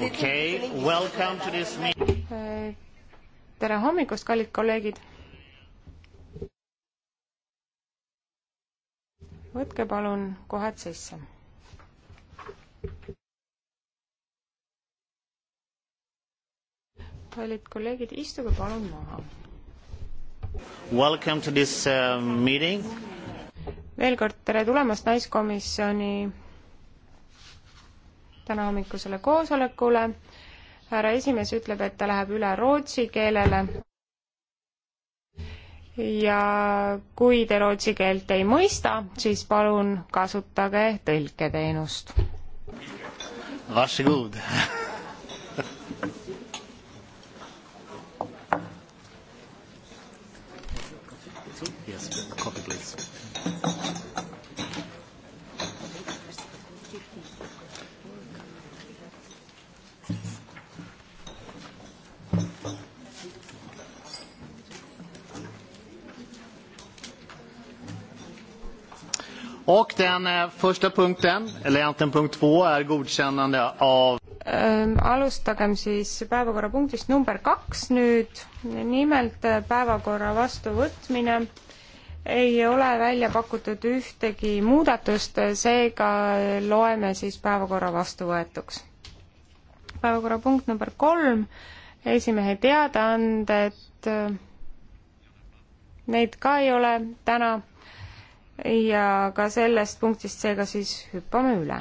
Okay, welcome to this meeting. tere hommikust, kallid kolleegid. võtke palun kohad sisse. kallid kolleegid, istuge palun maha. Welcome to this uh, meeting. veel kord tere tulemast naiskomisjoni täna hommikusele koosolekule. härra esimees ütleb, et ta läheb üle rootsi keelele. ja kui te rootsi keelt ei mõista, siis palun kasutage tõlketeenust. Varsågod Och den eh, första punkten, eller egentligen punkt två, är godkännande av ehm, alustagem siis päevakorrapunktist number kaks nüüd, nimelt eh, päevakorra vastuvõtmine. ei ole välja pakutud ühtegi muudatust, seega loeme siis päevakorra vastuvõetuks. päevakorrapunkt number kolm, esimehe teadaanded, neid ka ei ole täna ja ka sellest punktist seega siis hüppame üle.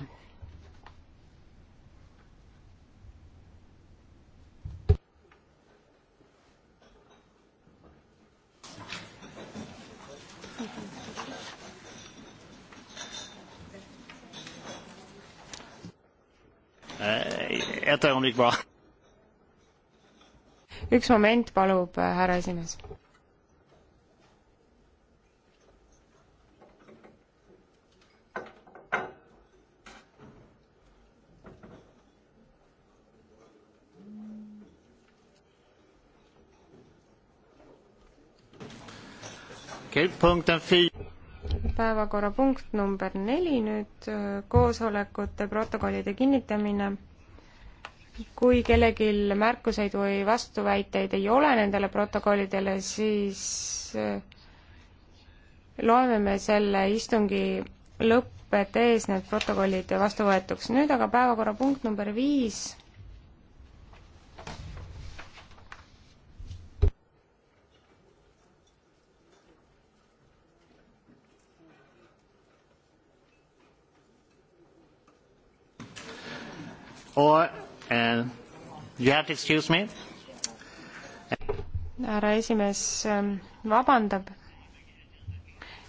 Äh, ett ögonblick bara. üks moment palub äh, härra esimees. päevakorrapunkt number neli nüüd, äh, koosolekute protokollide kinnitamine. kui kellelgi märkuseid või vastuväiteid ei ole nendele protokollidele, siis äh, loeme me selle istungi lõppedes need protokollid vastu võetuks. nüüd aga päevakorrapunkt number viis or uh, you have to excuse me. härra esimees ähm, vabandab.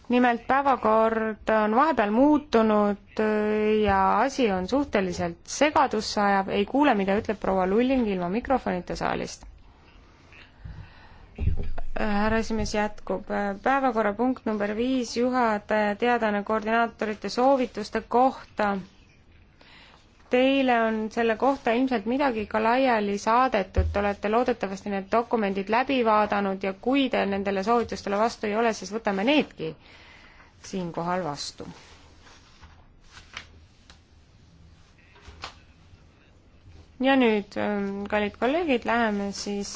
nimelt päevakord on vahepeal muutunud äh, ja asi on suhteliselt segadusse ajav, ei kuule, mida ütleb proua Lulling ilma mikrofonita saalist äh, härra esimees jätkub. Äh, päevakorrapunkt number viis, juhataja teadaanne koordinaatorite soovituste kohta Teile on selle kohta ilmselt midagi ka laiali saadetud, te olete loodetavasti need dokumendid läbi vaadanud ja kui te nendele soovitustele vastu ei ole, siis võtame needki siinkohal vastu. ja nüüd, ähm, kallid kolleegid, läheme siis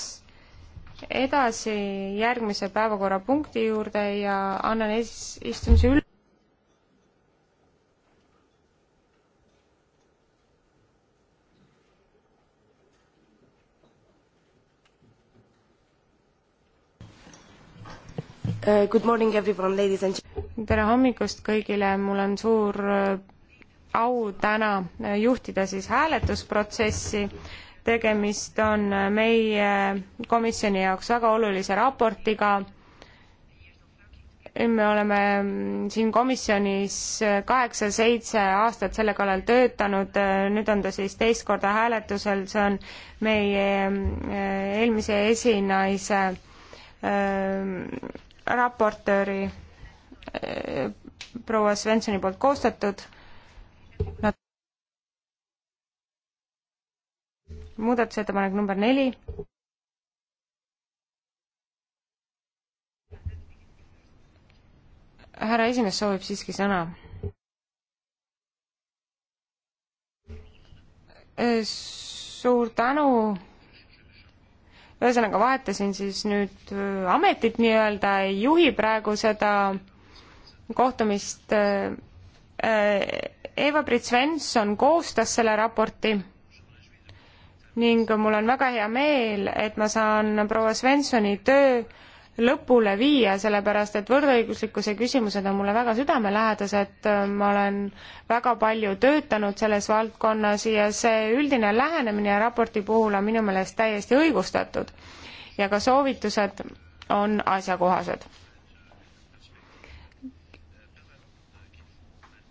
edasi järgmise päevakorrapunkti juurde ja annan esistumise üle. Uh, good morning everyone, ladies and tere hommikust kõigile, mul on suur uh, au täna uh, juhtida siis hääletusprotsessi. tegemist on meie komisjoni jaoks väga olulise raportiga. me oleme mm, siin komisjonis kaheksa-seitse aastat selle kallal töötanud, nüüd on ta siis teist korda hääletusel, see on meie mm, eelmise esinaise raportööri eh, proua Svensoni poolt koostatud. Nad muudatusettepanek number neli. härra esimees soovib siiski sõna. Eh, suur tänu ühesõnaga vahetasin siis nüüd äh, ametit nii-öelda, ei juhi praegu seda kohtumist. Äh, äh, Eva-Brit Svensson koostas selle raporti ning mul on väga hea meel, et ma saan proua Svenssoni töö lõpule viia, sellepärast et võrdõiguslikkuse küsimused on mulle väga südamelähedased, ma olen väga palju töötanud selles valdkonnas ja see üldine lähenemine raporti puhul on minu meelest täiesti õigustatud ja ka soovitused on asjakohased.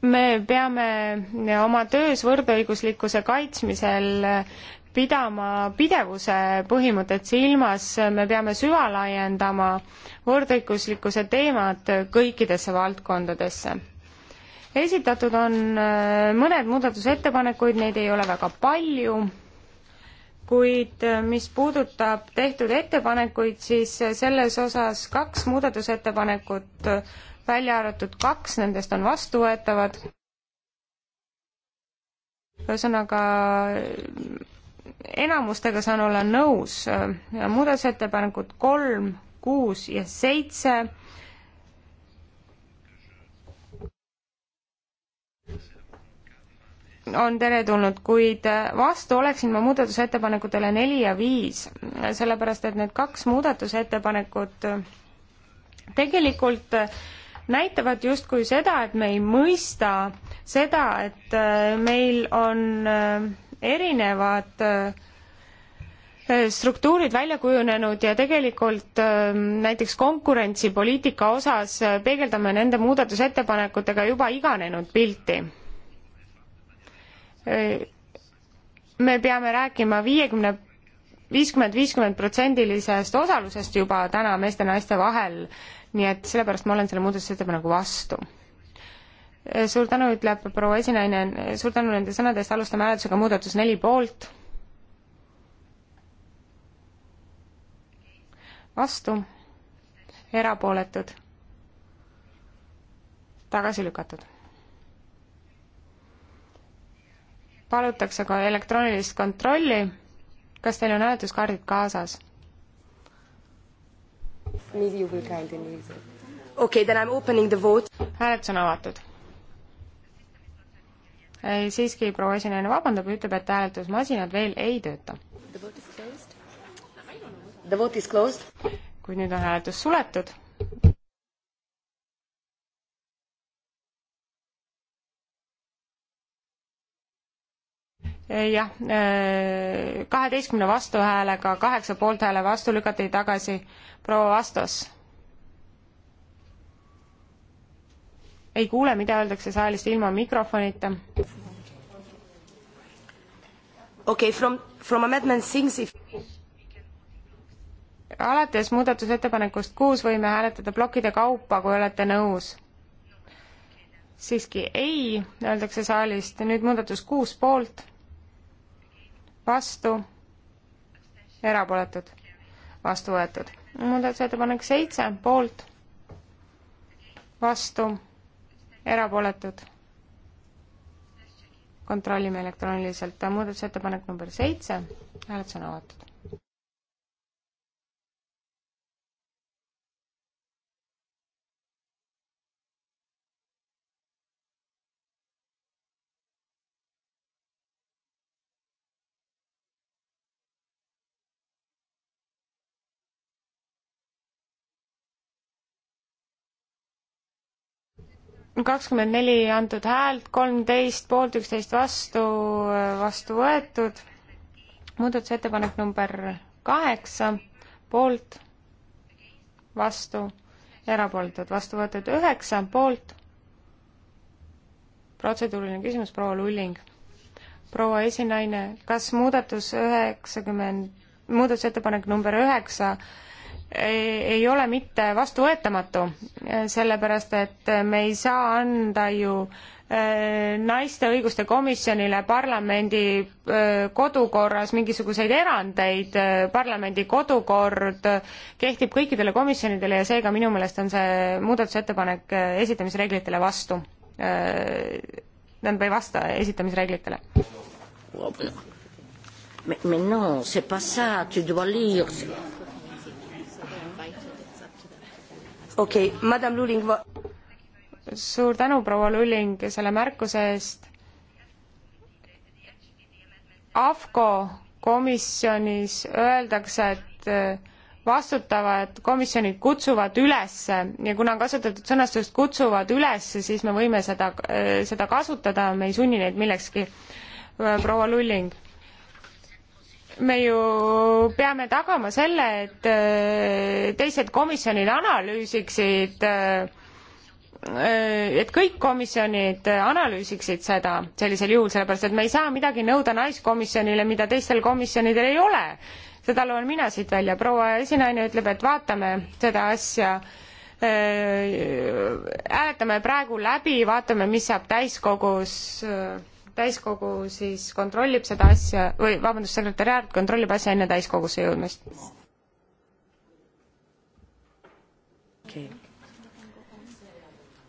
me peame oma töös võrdõiguslikkuse kaitsmisel pidama pidevuse põhimõtet silmas, me peame süvalaiendama võrdõiguslikkuse teemat kõikidesse valdkondadesse. esitatud on äh, mõned muudatusettepanekuid, neid ei ole väga palju, kuid äh, mis puudutab tehtud ettepanekuid, siis äh, selles osas kaks muudatusettepanekut, välja arvatud kaks nendest on vastuvõetavad, ühesõnaga enamustega saan olla nõus. muudatusettepanekud kolm, kuus ja seitse on teretulnud, kuid vastu oleksin ma muudatusettepanekutele neli ja viis, sellepärast et need kaks muudatusettepanekut tegelikult näitavad justkui seda, et me ei mõista seda, et meil on erinevad äh, äh, struktuurid välja kujunenud ja tegelikult äh, näiteks konkurentsipoliitika osas peegeldame nende muudatusettepanekutega juba iganenud pilti. me peame rääkima viiekümne, viiskümmend, viiskümmend protsendilisest osalusest juba täna meeste-naiste vahel, nii et sellepärast ma olen selle muudatusettepaneku vastu Eh, suur tänu, ütleb proua esinaine, suur tänu nende sõnade eest, alustame hääletusega muudatus neli poolt. vastu, erapooletud, tagasi lükatud. palutakse ka elektroonilist kontrolli. kas teil on hääletuskaardid kaasas? okei okay,, then I m opening the vote. hääletus on avatud siiski proua esineja vabandab ja ütleb, et hääletusmasinad veel ei tööta. kuid nüüd on hääletus suletud jah, äh, kaheteistkümne vastuhäälega kaheksa poolthääle vastu lükati tagasi proua Vastos ei kuule, mida öeldakse saalist ilma mikrofonita. okei okay,, from, from amendment six if alates muudatusettepanekust kuus võime hääletada plokkide kaupa, kui olete nõus. siiski ei, öeldakse saalist, nüüd muudatus kuus poolt, vastu, erapooletud, vastu võetud. muudatusettepanek seitse poolt, vastu erapooletud. kontrollime elektrooniliselt muudatusettepanek number seitse, hääletus on avatud. kakskümmend neli antud häält, kolmteist poolt, üksteist vastu, vastu võetud. muudatusettepanek number kaheksa, poolt, vastu, erapooletud, vastu võetud üheksa, poolt. protseduuriline küsimus, proua Lulling. proua esinaine, kas muudatus üheksakümmend, muudatusettepanek number üheksa 90 ei ole mitte vastuvõetamatu, sellepärast et me ei saa anda ju äh, naiste õiguste komisjonile parlamendi äh, kodukorras mingisuguseid erandeid, äh, parlamendi kodukord kehtib kõikidele komisjonidele ja seega minu meelest on see muudatusettepanek esitamisreeglitele vastu. tähendab, ei vasta esitamisreeglitele. Mais, mais non, c'est pas ça, tu dois lire okei okay,, madam Luling va.... suur tänu, proua Luling, selle märkuse eest. AFCO komisjonis öeldakse, et äh, vastutavad komisjonid kutsuvad üles ja kuna on kasutatud sõnastust kutsuvad üles, siis me võime seda, äh, seda kasutada, me ei sunni neid millekski. Äh, proua Lulling me ju peame tagama selle, et äh, teised komisjonid analüüsiksid, äh, et kõik komisjonid analüüsiksid seda sellisel juhul, sellepärast et me ei saa midagi nõuda naiskomisjonile, mida teistel komisjonidel ei ole. seda loen mina siit välja, proua esinaine ütleb, et vaatame seda asja äh, hääletame praegu läbi, vaatame, mis saab täiskogus öö, täiskogu siis kontrollib seda asja või vabandust, sekretäriaat kontrollib asja enne täiskogusse jõudmist okay..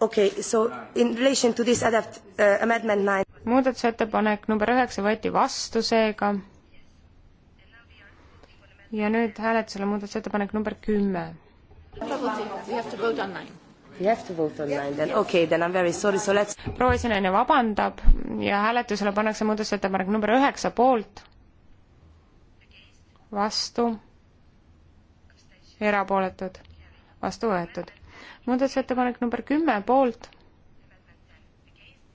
Okay, so in relation to this adapt uh, amendment nine. muudatusettepanek number üheksa võeti vastu seega. ja nüüd hääletusele muudatusettepanek number kümme. We have to vote on nine. You have to vote online then, okei okay,, then I m very sorry, so let's. proua esinaine vabandab ja hääletusele pannakse muudatusettepanek number üheksa poolt, vastu, erapooletud, vastu võetud. muudatusettepanek number kümme poolt,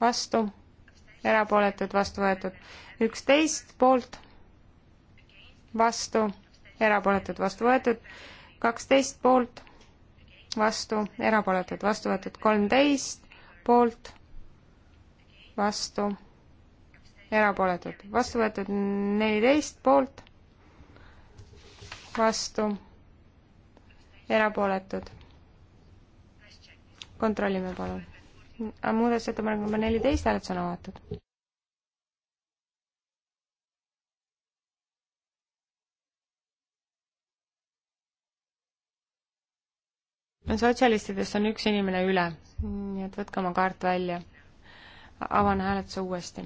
vastu, erapooletud, vastu võetud. üksteist poolt, vastu, erapooletud, vastu võetud. kaksteist poolt vastu, erapooletud, vastu võetud kolmteist, poolt, vastu, erapooletud, vastu võetud neliteist, poolt, vastu, erapooletud. kontrollime palun. muudatusettepanek number neliteist, hääletus on avatud. sotsialistidest on üks inimene üle, nii et võtke oma kaart välja. avan hääletuse uuesti.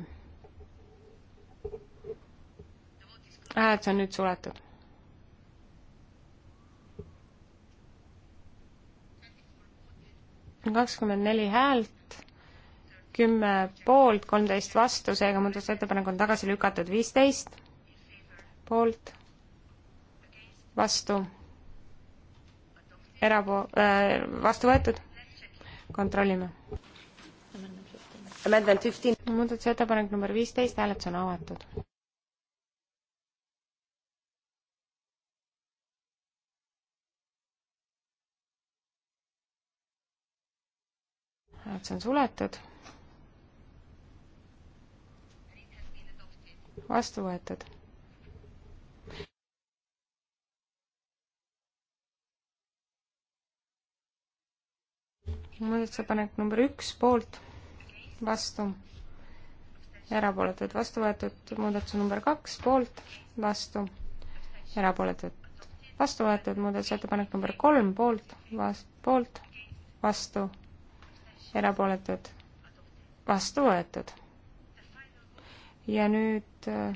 hääletus on nüüd suletud. kakskümmend neli häält, kümme poolt, kolmteist vastu, seega muudatusettepanek on tagasi lükatud, viisteist poolt, vastu erapo- äh,, vastu võetud, kontrollime. muudatusettepanek number viisteist, hääletus on avatud. hääletus on suletud. vastu võetud muudatusettepanek number üks poolt, vastu, erapooletud, vastu võetud, muudatus number kaks poolt, vastu, erapooletud, vastu võetud, muudatusettepanek number kolm poolt, vas-, poolt, vastu, erapooletud, vastu võetud. ja nüüd äh,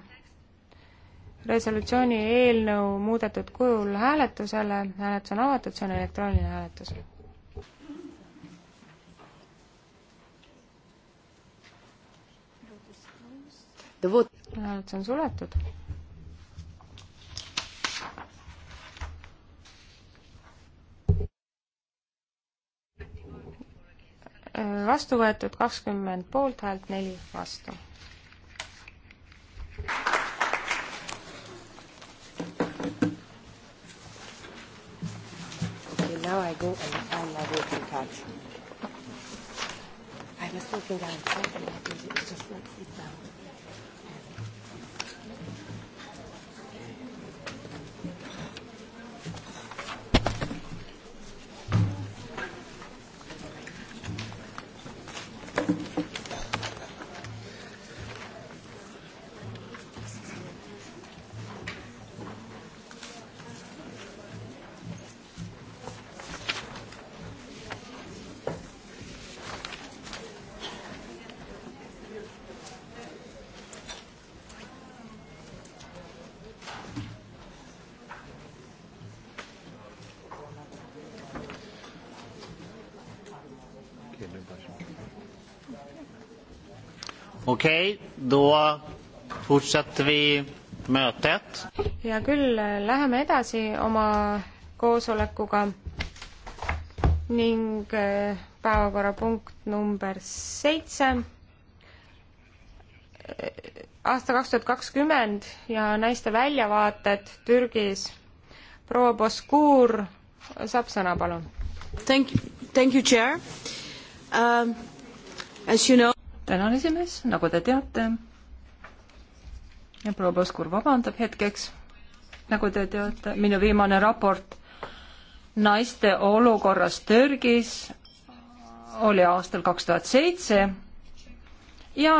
resolutsiooni eelnõu muudetud kujul hääletusele, hääletus on avatud, see on elektrooniline hääletus hääletus on suletud. vastu võetud kakskümmend poolthäält, neli vastu. Okay, now I go and find my voting card. I was thinking I'm talking, it's just not sit down. Okej, okay, då fortsätter vi mötet. hea küll, läheme edasi oma koosolekuga ning eh, päevakorrapunkt number seitse, eh, aasta kaks tuhat kakskümmend ja naiste väljavaated Türgis. proua Boskuur saab sõna, palun. Thank you, thank you, chair um,. As you know tänan, esimees, nagu te teate, proua Poskur vabandab hetkeks, nagu te teate, minu viimane raport naiste olukorrast Türgis oli aastal kaks tuhat seitse ja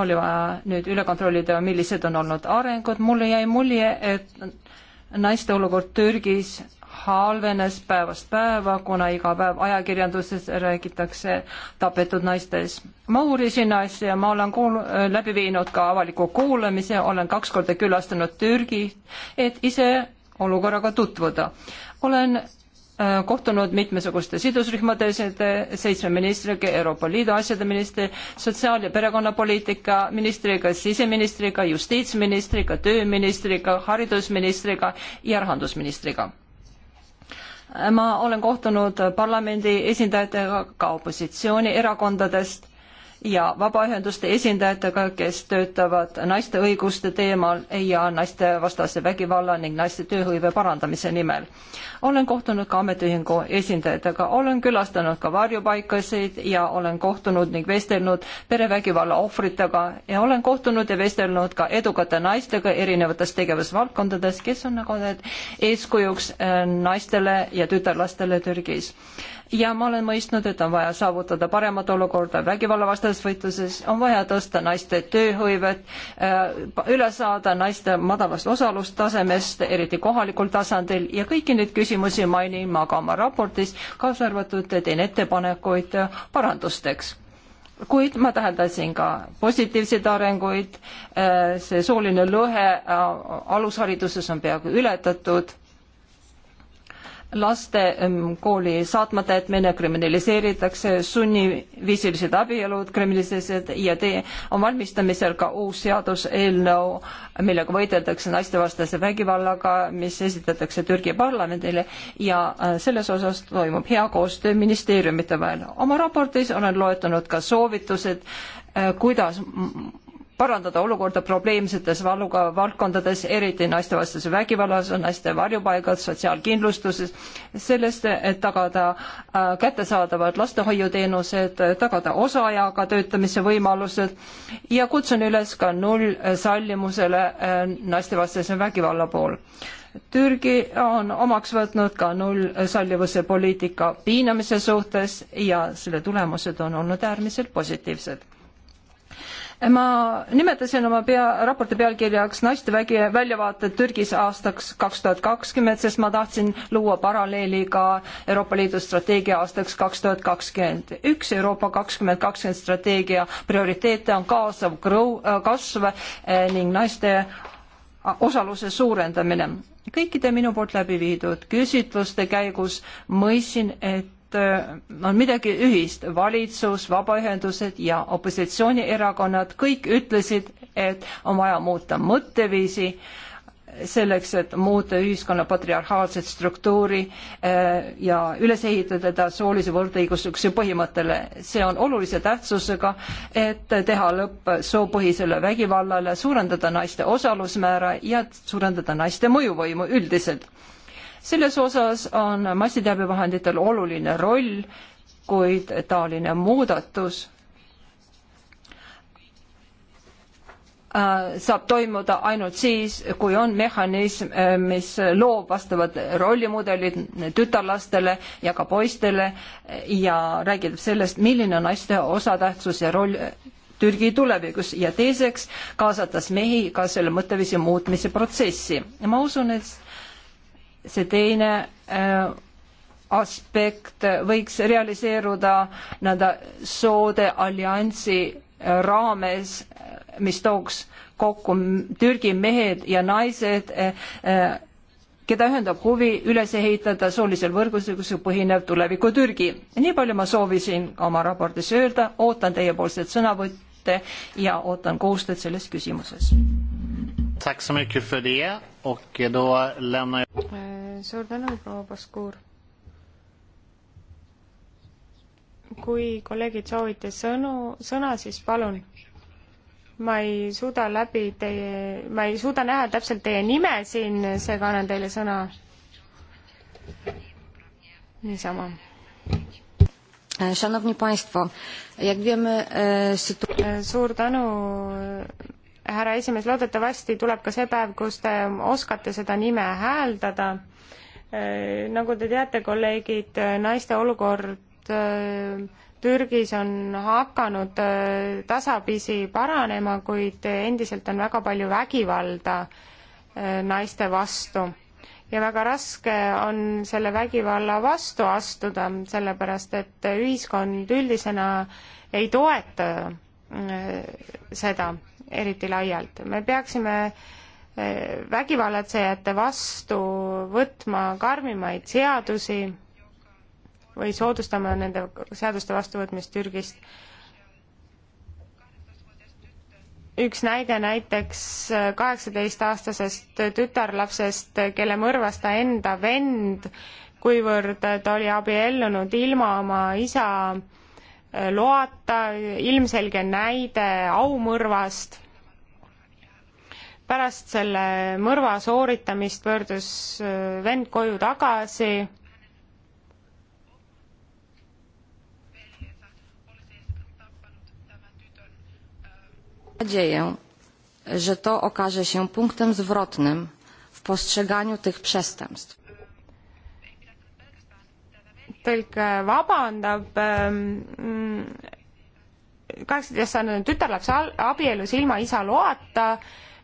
oli vaja nüüd üle kontrollida, millised on olnud arengud, mulle jäi mulje, et naiste olukord Türgis halvenes päevast päeva, kuna iga päev ajakirjanduses räägitakse tapetud naistes. ma uurisin asja, ma olen kuul-, läbi viinud ka avaliku kuulamise, olen kaks korda külastanud Türgi, et ise olukorraga tutvuda. olen äh, kohtunud mitmesuguste sidusrühmade seitsme ministriga, Euroopa Liidu asjade ministri, sotsiaal- ja perekonnapoliitika ministriga, siseministriga, justiitsministriga, tööministriga, haridusministriga ja rahandusministriga ma olen kohtunud parlamendi esindajatega ka opositsioonierakondadest ja vabaühenduste esindajatega, kes töötavad naiste õiguste teemal ja naistevastase vägivalla ning naiste tööhõive parandamise nimel. olen kohtunud ka ametiühingu esindajatega, olen külastanud ka varjupaikasid ja olen kohtunud ning vestelnud perevägivalla ohvritega ja olen kohtunud ja vestelnud ka edukate naistega erinevates tegevusvaldkondades, kes on nagu need eeskujuks äh, naistele ja tütarlastele Türgis ja ma olen mõistnud, et on vaja saavutada paremat olukorda vägivallavastases võitluses, on vaja tõsta naiste tööhõivet, äh, üle saada naiste madalast osalustasemest, eriti kohalikul tasandil ja kõiki neid küsimusi mainin ma ka oma raportis, kaasa arvatud teen ettepanekuid parandusteks kuid ma täheldasin ka positiivseid arenguid, äh, see sooline lõhe äh, alushariduses on peaaegu ületatud laste kooli saatmata jätmine kriminaliseeritakse, sunniviisilised abielud kriminaliseeritakse ja tee, on valmistamisel ka uus seaduseelnõu, millega võideldakse naistevastase vägivallaga, mis esitatakse Türgi parlamendile ja äh, selles osas toimub hea koostöö ministeeriumite vahel. oma raportis olen loetlenud ka soovitused, äh, kuidas parandada olukorda probleemsetes valuga valdkondades, eriti naistevastase vägivallas, naiste varjupaigad, sotsiaalkindlustuses, sellest, et tagada äh, kättesaadavad lastehoiuteenused, tagada osaajaga töötamise võimalused ja kutsun üles ka nullsallimusele äh, naistevastase vägivalla pool Türgi on omaks võtnud ka nullsallivuse poliitika piinamise suhtes ja selle tulemused on olnud äärmiselt positiivsed ma nimetasin oma pea, raporti pealkirjaks naiste vägi, väljavaated Türgis aastaks kaks tuhat kakskümmend, sest ma tahtsin luua paralleeli ka Euroopa Liidu strateegia aastaks kaks tuhat kakskümmend üks. Euroopa kakskümmend kakskümmend strateegia prioriteete on kaasav grow, kasv eh, ning naiste osaluse suurendamine. kõikide minu poolt läbi viidud küsitluste käigus mõistsin, et et äh, on midagi ühist, valitsus, vabaühendused ja opositsioonierakonnad kõik ütlesid, et on vaja muuta mõtteviisi selleks, et muuta ühiskonna patriarhaalset struktuuri äh, ja üles ehitada ta soolise võrdõiguslikkuse põhimõttele. see on olulise tähtsusega, et teha lõpp soopõhisele vägivallale, suurendada naiste osalusmäära ja suurendada naiste mõjuvõimu üldiselt selles osas on massiteabevahenditel oluline roll, kuid taoline muudatus äh, saab toimuda ainult siis, kui on mehhanism, äh, mis loob vastavad rollimudelid tütarlastele ja ka poistele ja räägib sellest, milline on naiste osatähtsus ja roll Türgi tulevikus ja teiseks kaasatas mehi ka selle mõtteviisi muutmise protsessi. ma usun, et see teine äh, aspekt võiks realiseeruda nii-öelda soode alliansi äh, raames, äh, mis tooks kokku Türgi mehed ja naised, keda ühendab huvi üles ehitada soolisel võrgustikul põhinev tuleviku Türgi. nii palju ma soovisin oma raportis öelda, ootan teiepoolseid sõnavõtte ja ootan koostööd selles küsimuses. Tack så mycket för det och då lämnar jag... Eh, suur tänu, proua Paskur. kui kolleegid soovite sõnu, sõna, siis palun. ma ei suuda läbi teie, ma ei suuda näha täpselt teie nime siin, seega annan teile sõna. niisama. Szanowni Państwo, jak wiemy, e, sytu- suur tänu, härra esimees, loodetavasti tuleb ka see päev, kus te oskate seda nime hääldada. Eh, nagu te teate, kolleegid, eh, naiste olukord eh, Türgis on hakanud tasapisi paranema, kuid endiselt on väga palju vägivalda naiste vastu. ja väga raske on selle vägivalla vastu astuda, sellepärast et ühiskond üldisena ei toeta seda eriti laialt. me peaksime eh, vägivallatsejate vastu võtma karmimaid seadusi või soodustama nende seaduste vastuvõtmist Türgist. üks näide näiteks eh, kaheksateistaastasest tütarlapsest, kelle mõrvas ta enda vend, kuivõrd ta oli abiellunud ilma oma isa eh, loata, ilmselge näide aumõrvast pärast selle mõrva sooritamist pöördus äh, vend koju tagasi. nadzieję, że to okaże się punktem zwrotnym w postrzeganiu tych przestępstw. tõlk äh, vabandab ähm, mm, kaheksateist aastane tütarlaps abiellus ilma isa loata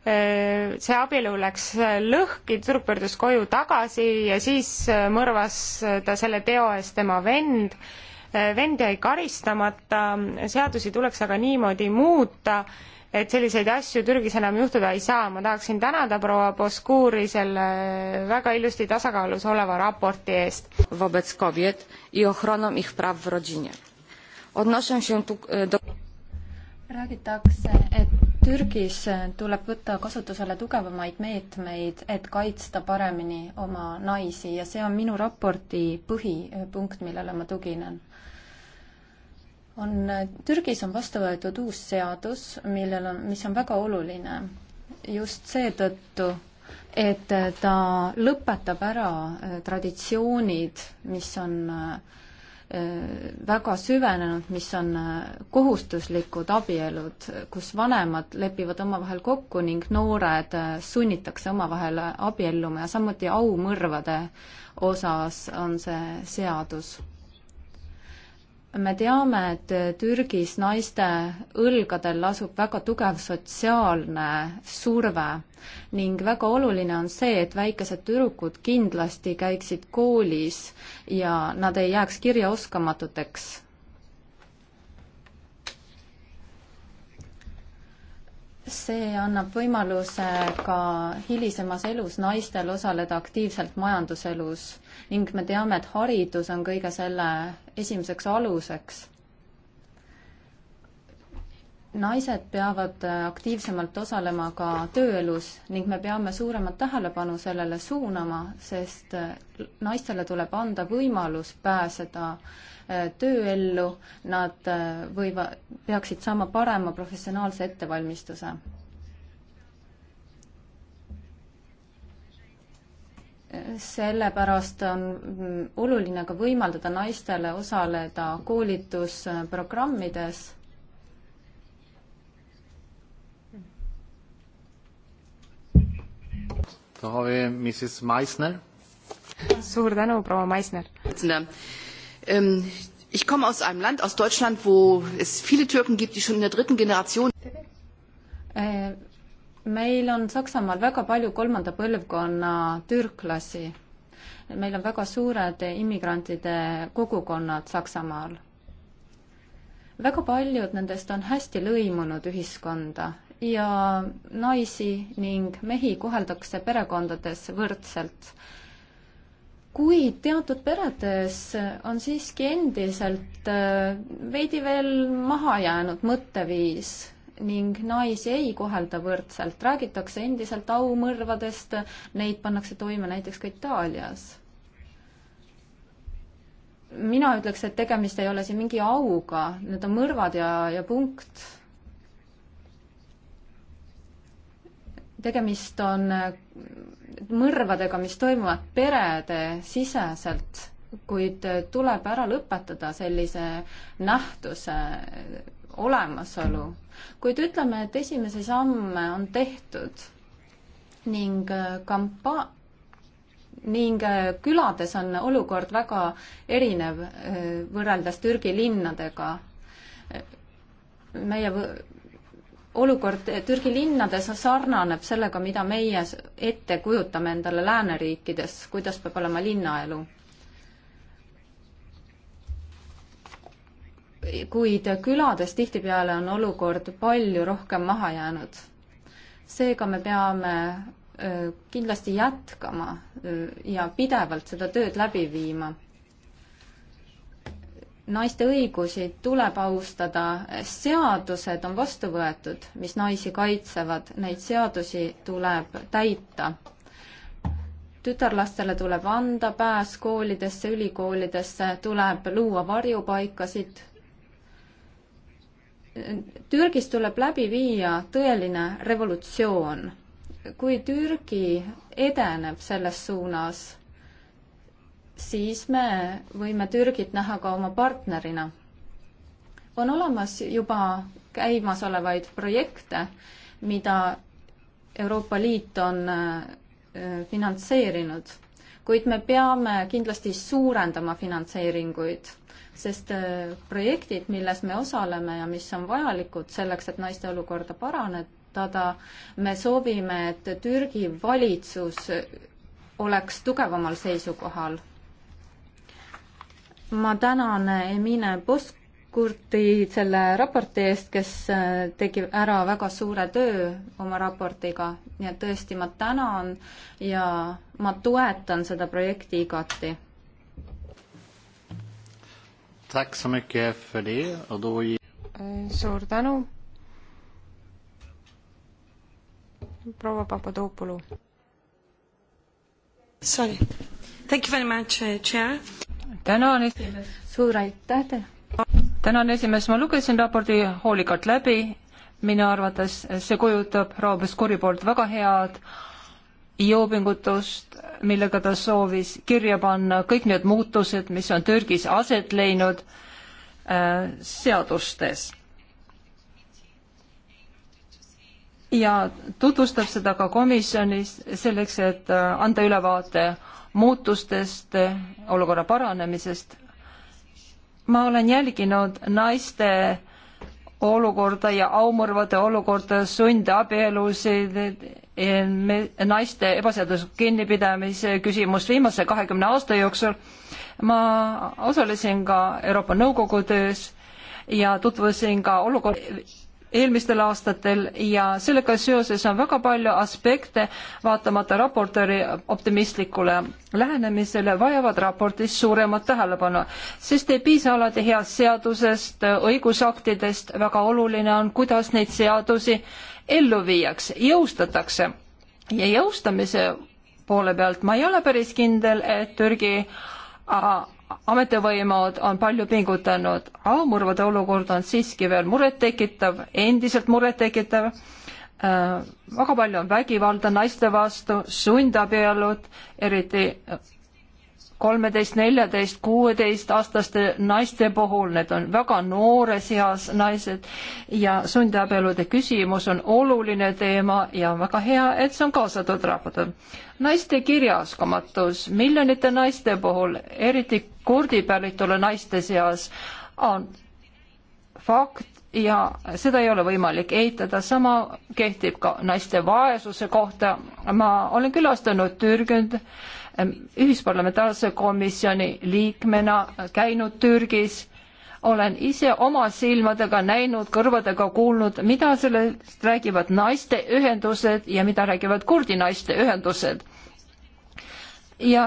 see abielu läks lõhki, tüdruk pöördus koju tagasi ja siis äh, mõrvas äh, ta selle teo eest tema vend. Äh, vend jäi karistamata, seadusi tuleks aga niimoodi muuta, et selliseid asju Türgis enam juhtuda ei saa. ma tahaksin tänada proua Boskuuri selle väga ilusti tasakaalus oleva raporti eest. wobec kobiet i ochroną ich praw w rodzinie. Odnoszę się tu e, do räägitakse, et Türgis tuleb võtta kasutusele tugevamaid meetmeid, et kaitsta paremini oma naisi ja see on minu raporti põhipunkt, millele ma tuginen on, Türgis on vastu võetud uus seadus, millel on, mis on väga oluline just seetõttu, et ta lõpetab ära eh, traditsioonid, mis on äh, Äh, väga süvenenud, mis on äh, kohustuslikud abielud, kus vanemad lepivad omavahel kokku ning noored äh, sunnitakse omavahel abielluma ja samuti aumõrvade osas on see seadus me teame, et Türgis naiste õlgadel lasub väga tugev sotsiaalne surve ning väga oluline on see, et väikesed tüdrukud kindlasti käiksid koolis ja nad ei jääks kirjaoskamatuteks see annab võimaluse ka hilisemas elus naistel osaleda aktiivselt majanduselus ning me teame, et haridus on kõige selle esimeseks aluseks. naised peavad aktiivsemalt osalema ka tööelus ning me peame suuremat tähelepanu sellele suunama, sest naistele tuleb anda võimalus pääseda Äh, tööellu, nad äh, võiva, peaksid saama parema professionaalse ettevalmistuse. sellepärast on mm, oluline ka võimaldada naistele osaleda koolitusprogrammides suur tänu, proua Meissner! Ähm, ich komme aus einem Land, aus Deutschland, wo es viele Türken gibt, die schon in der dritten Generation äh, meil on Saksamaal väga palju kolmanda põlvkonna türklasi. meil on väga suured immigrantide kogukonnad Saksamaal. väga paljud nendest on hästi lõimunud ühiskonda ja naisi ning mehi koheldakse perekondades võrdselt kuid teatud peredes on siiski endiselt äh, veidi veel maha jäänud mõtteviis ning naisi ei kohelda võrdselt, räägitakse endiselt aumõrvadest, neid pannakse toime näiteks ka Itaalias. mina ütleks, et tegemist ei ole siin mingi auga, need on mõrvad ja, ja punkt. tegemist on äh, mõrvadega, mis toimuvad perede siseselt, kuid tuleb ära lõpetada sellise nähtuse olemasolu. kuid ütleme, et esimesi samme on tehtud ning äh, kampa-, ning äh, külades on olukord väga erinev äh, võrreldes Türgi linnadega meie. meie olukord Türgi linnades sarnaneb sellega, mida meie ette kujutame endale lääneriikides, kuidas peab olema linnaelu. kuid külades tihtipeale on olukord palju rohkem maha jäänud. seega me peame kindlasti jätkama ja pidevalt seda tööd läbi viima naiste õigusi tuleb austada, seadused on vastu võetud, mis naisi kaitsevad, neid seadusi tuleb täita. tütarlastele tuleb anda pääs koolidesse, ülikoolidesse, tuleb luua varjupaikasid. Türgis tuleb läbi viia tõeline revolutsioon. kui Türgi edeneb selles suunas siis me võime Türgit näha ka oma partnerina. on olemas juba käimasolevaid projekte, mida Euroopa Liit on äh, finantseerinud, kuid me peame kindlasti suurendama finantseeringuid, sest äh, projektid, milles me osaleme ja mis on vajalikud selleks, et naiste olukorda parandada, me soovime, et Türgi valitsus oleks tugevamal seisukohal ma tänan Emine Poskurti selle raporti eest, kes äh, tegi ära väga suure töö oma raportiga, nii et tõesti ma tänan ja ma toetan seda projekti igati. Äh, suur tänu. proua Papadopoulou. Sorry. Thank you very much uh,, chair tänan, esimees. suur aitäh teile. tänan, esimees, ma lugesin raporti hoolikalt läbi. minu arvates see kujutab proua Peskuri poolt väga head jõupingutust, millega ta soovis kirja panna kõik need muutused, mis on Türgis aset leidnud äh, seadustes ja tutvustab seda ka komisjonis selleks, et äh, anda ülevaate muutustest, olukorra paranemisest. ma olen jälginud naiste olukorda ja aumõrvade olukorda, sundabielusid, eh, naiste ebaseadusliku kinnipidamise küsimust viimase kahekümne aasta jooksul. ma osalesin ka Euroopa Nõukogu töös ja tutvusin ka olukorra eelmistel aastatel ja sellega seoses on väga palju aspekte, vaatamata raportööri optimistlikule lähenemisele, vajavad raportis suuremat tähelepanu, sest ei piisa alati heast seadusest, õigusaktidest, väga oluline on, kuidas neid seadusi ellu viiakse, jõustatakse. ja jõustamise poole pealt ma ei ole päris kindel, et Türgi ametivõimud on palju pingutanud, aumurvade olukord on siiski veel murettekitav, endiselt murettekitav äh,. väga palju on vägivalda naiste vastu, sundabielud, eriti kolmeteist, neljateist, kuueteistaastaste naiste puhul, need on väga noores eas naised ja sundabielude küsimus on oluline teema ja on väga hea, et see on kaasatud raportööri. naiste kirjaoskamatus miljonite naiste puhul, eriti kurdi päritolu naiste seas, on fakt ja seda ei ole võimalik eitada, sama kehtib ka naiste vaesuse kohta. ma olen külastanud Türgit ühisparlamentaarse komisjoni liikmena käinud Türgis, olen ise oma silmadega näinud, kõrvadega kuulnud, mida sellest räägivad naisteühendused ja mida räägivad kurdi naisteühendused. ja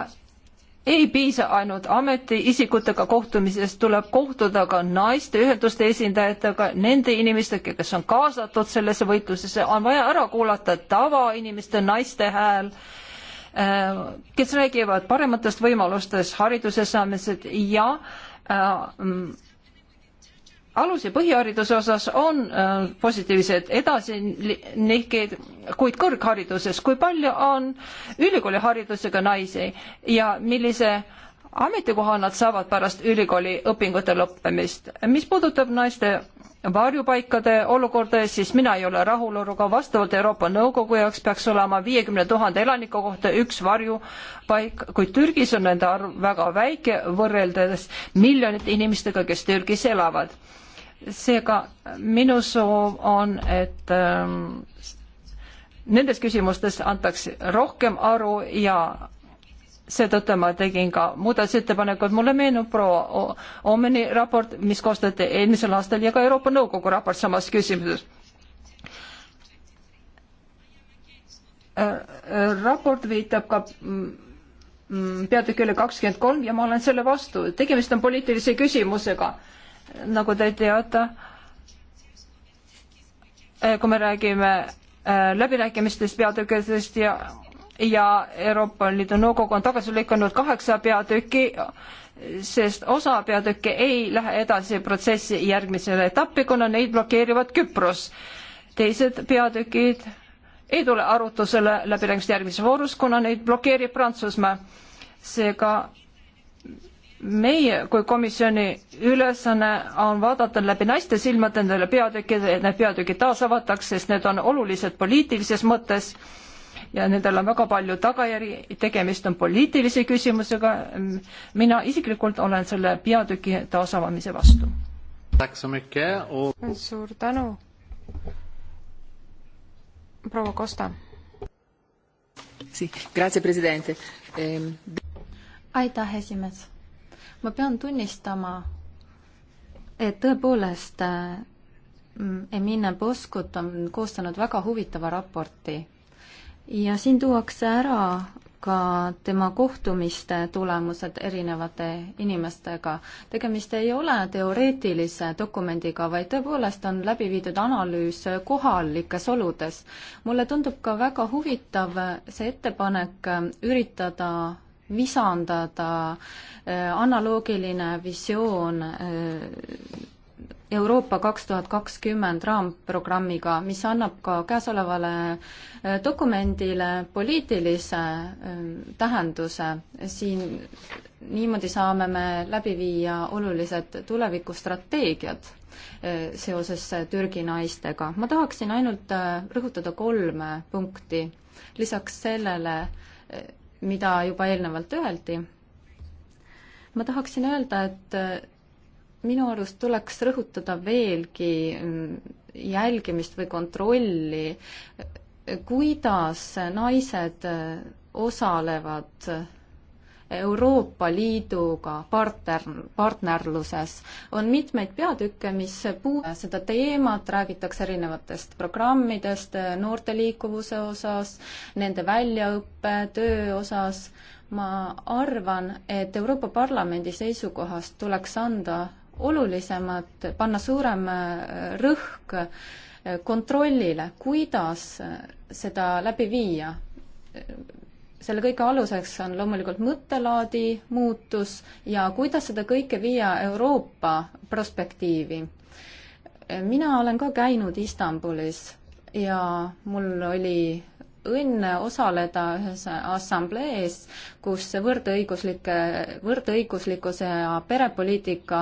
ei piisa ainult ametiisikutega kohtumisest, tuleb kohtuda ka naisteühenduste esindajatega, nende inimestega, kes on kaasatud sellesse võitlusesse, on vaja ära kuulata tavainimeste naiste hääl äh, Äh, kes räägivad parematest võimalustest hariduse saamised ja äh, mm, alus- ja põhihariduse osas on äh, positiivsed edasinihkeid, kuid kõrghariduses, kui palju on ülikooliharidusega naisi ja millise ametikoha nad saavad pärast ülikooli õpingute lõppemist. mis puudutab naiste varjupaikade olukorda, siis mina ei ole rahul oluga, vastavalt Euroopa Nõukogu jaoks peaks olema viiekümne tuhande elaniku kohta üks varjupaik, kuid Türgis on nende arv väga väike võrreldes miljonite inimestega, kes Türgis elavad. seega minu soov on, et ähm, nendes küsimustes antakse rohkem aru ja seetõttu ma tegin ka muudatusettepanekud, mulle meenub proua Omeni raport, mis koostati eelmisel aastal ja ka Euroopa Nõukogu raport samas küsimuses. Äh, äh, raport viitab ka mm, mm, peatükile kakskümmend kolm ja ma olen selle vastu, tegemist on poliitilise küsimusega, nagu te teate, äh, kui me räägime läbirääkimistest, peatükkidest ja ja Euroopa Liidu Nõukogu on tagasi lükanud kaheksa peatükki, sest osa peatükke ei lähe edasi protsessi järgmisele etappi, kuna neid blokeerivad Küpros. teised peatükid ei tule arutusele läbirääkimiste järgmises voorus, kuna neid blokeerib Prantsusmaa. seega meie kui komisjoni ülesanne on vaadata läbi naiste silmade nendele peatükkidele, et need peatükid taas avataks, sest need on olulised poliitilises mõttes ja nendel on väga palju tagajärgi, tegemist on poliitilise küsimusega. mina isiklikult olen selle peatüki taasavamise vastu. suur tänu. proua Kosta. Ehm, aitäh, esimees. ma pean tunnistama, et tõepoolest äh, Emine Poskut on koostanud väga huvitava raporti ja siin tuuakse ära ka tema kohtumiste tulemused erinevate inimestega. tegemist ei ole teoreetilise dokumendiga, vaid tõepoolest on läbi viidud analüüs kohalikes oludes. mulle tundub ka väga huvitav see ettepanek üritada visandada äh, analoogiline visioon äh, Euroopa kaks tuhat kakskümmend raamprogrammiga, mis annab ka käesolevale äh, dokumendile poliitilise äh, tähenduse. siin niimoodi saame me läbi viia olulised tulevikustrateegiad äh, seoses Türgi naistega. ma tahaksin ainult rõhutada kolme punkti. lisaks sellele, mida juba eelnevalt öeldi, ma tahaksin öelda, et minu arust tuleks rõhutada veelgi mm, jälgimist või kontrolli, kuidas naised äh, osalevad äh, Euroopa Liiduga partner, partnerluses. on mitmeid peatükke, mis puu-, seda teemat räägitakse erinevatest programmidest äh, noorte liikuvuse osas, nende väljaõppe, töö osas, ma arvan, et Euroopa Parlamendi seisukohast tuleks anda olulisemad, panna suurem äh, rõhk äh, kontrollile, kuidas äh, seda läbi viia. selle kõige aluseks on loomulikult mõttelaadi muutus ja kuidas seda kõike viia Euroopa perspektiivi. mina olen ka käinud Istanbulis ja mul oli õnne osaleda ühes assamblees, kus võrdõiguslike, võrdõiguslikkuse ja perepoliitika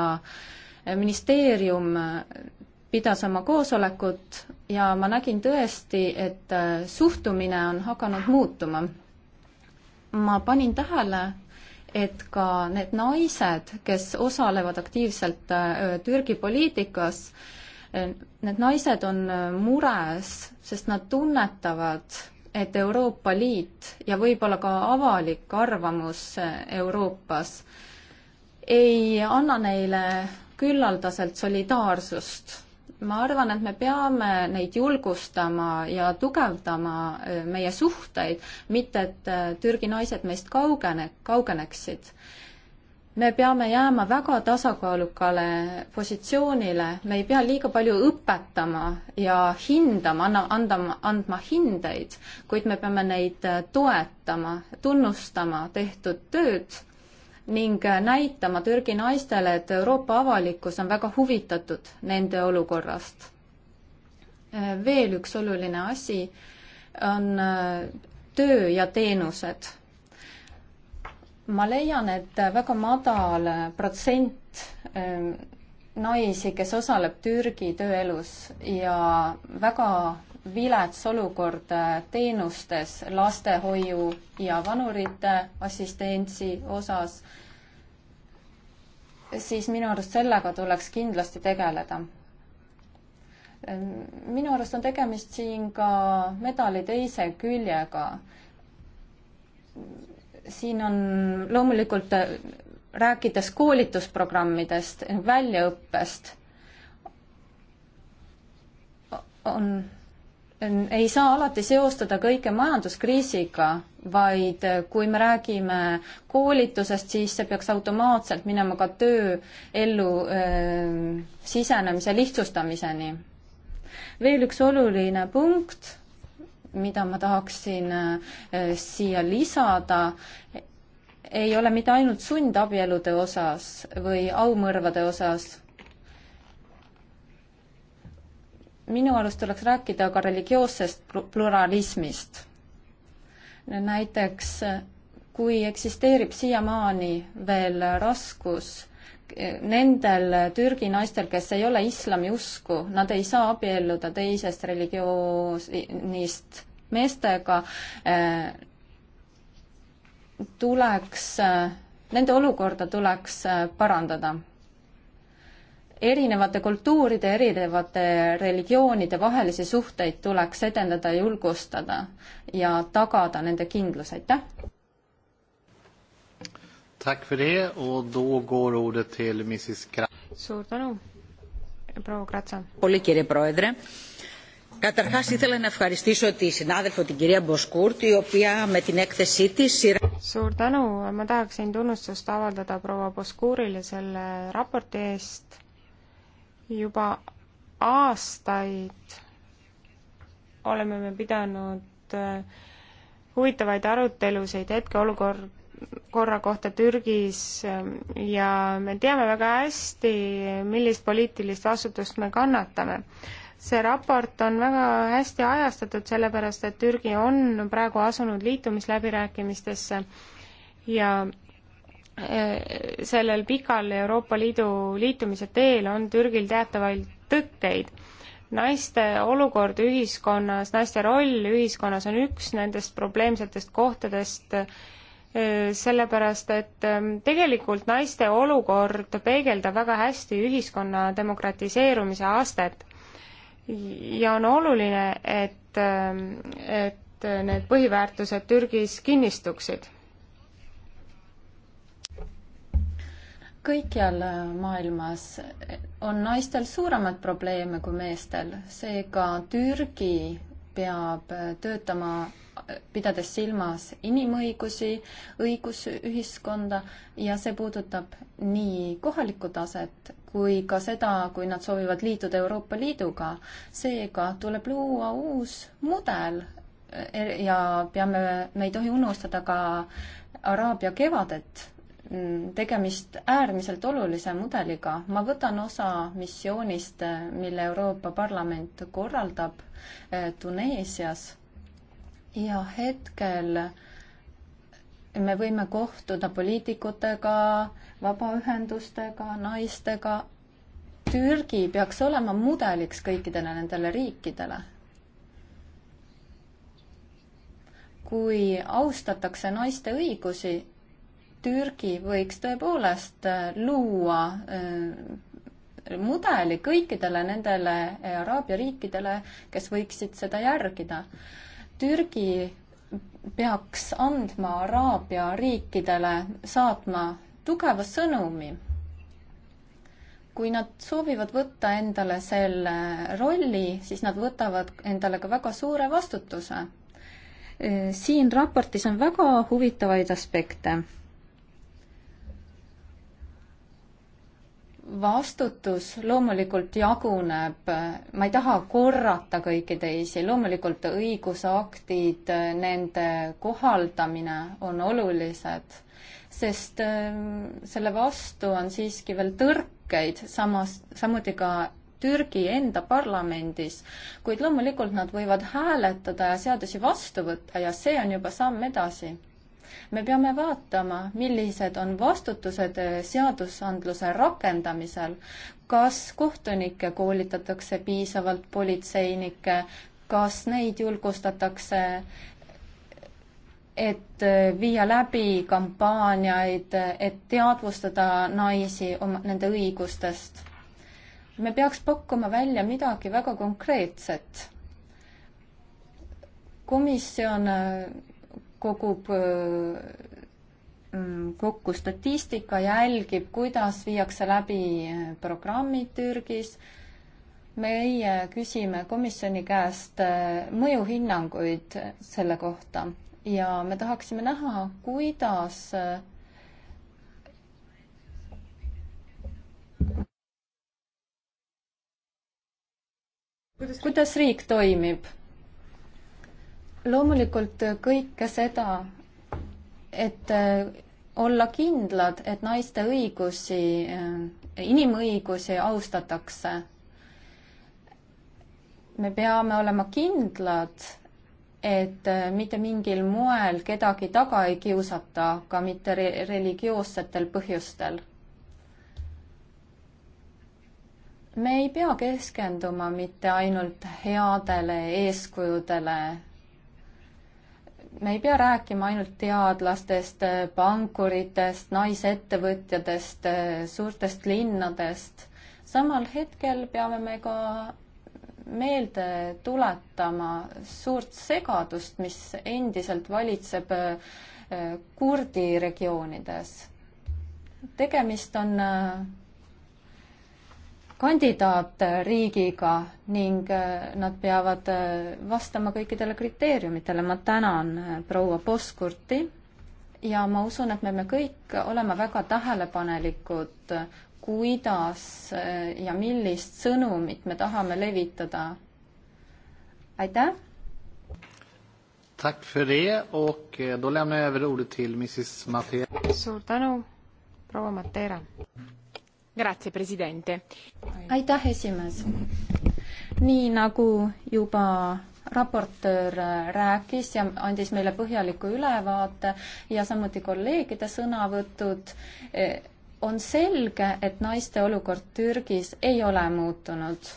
ministeerium pidas oma koosolekut ja ma nägin tõesti, et suhtumine on hakanud muutuma. ma panin tähele, et ka need naised, kes osalevad aktiivselt äh, Türgi poliitikas, äh, need naised on mures, sest nad tunnetavad et Euroopa Liit ja võib-olla ka avalik arvamus Euroopas ei anna neile küllaldaselt solidaarsust. ma arvan, et me peame neid julgustama ja tugevdama äh, meie suhteid, mitte et äh, Türgi naised meist kaugene, kaugeneksid me peame jääma väga tasakaalukale positsioonile, me ei pea liiga palju õpetama ja hindama, anna, andma, andma hindeid, kuid me peame neid äh, toetama, tunnustama tehtud tööd ning äh, näitama Türgi naistele, et Euroopa avalikkus on väga huvitatud nende olukorrast. Äh, veel üks oluline asi on töö ja teenused ma leian, et väga madal protsent ähm, naisi, kes osaleb Türgi tööelus ja väga vilets olukord äh, teenustes lastehoiu ja vanurite assistentsi osas, siis minu arust sellega tuleks kindlasti tegeleda ähm, minu arust on tegemist siin ka medali teise küljega siin on loomulikult, äh, rääkides koolitusprogrammidest, väljaõppest, on, ei saa alati seostada kõike majanduskriisiga, vaid äh, kui me räägime koolitusest, siis see peaks automaatselt minema ka tööellu äh, sisenemise lihtsustamiseni. veel üks oluline punkt mida ma tahaksin äh, siia lisada, ei ole mitte ainult sundabielude osas või aumõrvade osas. minu arust tuleks rääkida ka religioossest pluralismist. näiteks kui eksisteerib siiamaani veel raskus nendel Türgi naistel, kes ei ole islami usku, nad ei saa abielluda teisest religioonist meestega, eh, tuleks, eh, nende olukorda tuleks eh, parandada. erinevate kultuuride, erinevate religioonide vahelisi suhteid tuleks edendada, julgustada ja tagada nende kindlus, aitäh! Tack för det och då går ordet till Mrs. Kratsa. Suur tänu, proua Kratsa. Πολύ κύριε Πρόεδρε. Καταρχάς ήθελα να ευχαριστήσω τη συνάδελφο την κυρία Μποσκούρτ η οποία με την έκθεσή της σειρά... Suur tänu, ma tahaksin tunnustust avaldada proua Boskuurile selle raporti eest juba aastaid oleme me pidanud äh, huvitavaid arutelusid hetkeolukord korra kohta Türgis ähm, ja me teame väga hästi, millist poliitilist vastutust me kannatame. see raport on väga hästi ajastatud, sellepärast et Türgi on praegu asunud liitumisläbirääkimistesse ja äh, sellel pikal Euroopa Liidu liitumise teel on Türgil teatavaid tõkkeid naiste olukord ühiskonnas, naiste roll ühiskonnas on üks nendest probleemsetest kohtadest Äh, sellepärast et ähm, tegelikult naiste olukord peegeldab väga hästi ühiskonna demokratiseerumise astet ja on oluline, et, ähm, et need põhiväärtused Türgis kinnistuksid. kõikjal maailmas on naistel suuremad probleeme kui meestel, seega Türgi peab töötama pidades silmas inimõigusi, õigusühiskonda ja see puudutab nii kohalikku taset kui ka seda, kui nad soovivad liituda Euroopa Liiduga. seega tuleb luua uus mudel er-, ja peame, me ei tohi unustada ka Araabia kevadet, tegemist äärmiselt olulise mudeliga. ma võtan osa missioonist, mille Euroopa Parlament korraldab eh, Tuneesias ja hetkel me võime kohtuda poliitikutega, vabaühendustega, naistega. Türgi peaks olema mudeliks kõikidele nendele riikidele. kui austatakse naiste õigusi, Türgi võiks tõepoolest luua äh, mudeli kõikidele nendele araabia riikidele, kes võiksid seda järgida Türgi peaks andma Araabia riikidele, saatma tugeva sõnumi. kui nad soovivad võtta endale selle rolli, siis nad võtavad endale ka väga suure vastutuse. siin raportis on väga huvitavaid aspekte vastutus loomulikult jaguneb, ma ei taha korrata kõiki teisi, loomulikult õigusaktid, nende kohaldamine on olulised, sest ehm, selle vastu on siiski veel tõrkeid, samas, samuti ka Türgi enda parlamendis, kuid loomulikult nad võivad hääletada ja seadusi vastu võtta ja see on juba samm edasi me peame vaatama, millised on vastutused seadusandluse rakendamisel, kas kohtunikke koolitatakse piisavalt, politseinikke, kas neid julgustatakse, et viia läbi kampaaniaid, et teadvustada naisi oma, nende õigustest. me peaks pakkuma välja midagi väga konkreetset. komisjon kogub äh, mm, kokku statistika, jälgib, kuidas viiakse läbi äh, programmid Türgis. meie küsime komisjoni käest äh, mõjuhinnanguid selle kohta ja me tahaksime näha, kuidas kuidas riik toimib loomulikult kõike seda, et äh, olla kindlad, et naiste õigusi, äh, inimõigusi austatakse. me peame olema kindlad, et äh, mitte mingil moel kedagi taga ei kiusata, ka mitte re religioossetel põhjustel. me ei pea keskenduma mitte ainult headele eeskujudele me ei pea rääkima ainult teadlastest, pankuritest, naisettevõtjatest, suurtest linnadest. samal hetkel peame me ka meelde tuletama suurt segadust, mis endiselt valitseb äh, kurdi regioonides. tegemist on äh, kandidaatriigiga ning äh, nad peavad äh, vastama kõikidele kriteeriumitele. ma tänan äh, proua Poskurti ja ma usun, et me peame kõik olema väga tähelepanelikud, kuidas ja millist sõnumit me tahame levitada. aitäh! Tack för det och eh, då lämnar jag över ordet till Mrs Matera. Suur tänu, proua Matera. Grazie, president. aitäh, esimees. nii nagu juba raportöör rääkis ja andis meile põhjaliku ülevaate ja samuti kolleegide sõnavõtud, e, on selge, et naiste olukord Türgis ei ole muutunud.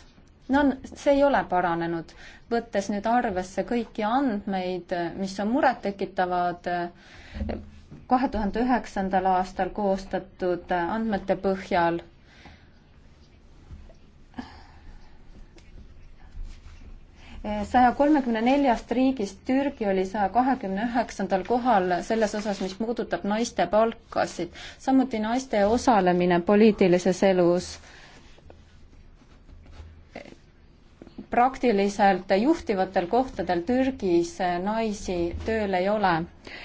no see ei ole paranenud, võttes nüüd arvesse kõiki andmeid, mis on murettekitavad e, kahe tuhande üheksandal aastal koostatud andmete põhjal saja kolmekümne neljast riigist Türgi oli saja kahekümne üheksandal kohal selles osas, mis puudutab naiste palkasid, samuti naiste osalemine poliitilises elus praktiliselt juhtivatel kohtadel Türgis naisi tööl ei ole.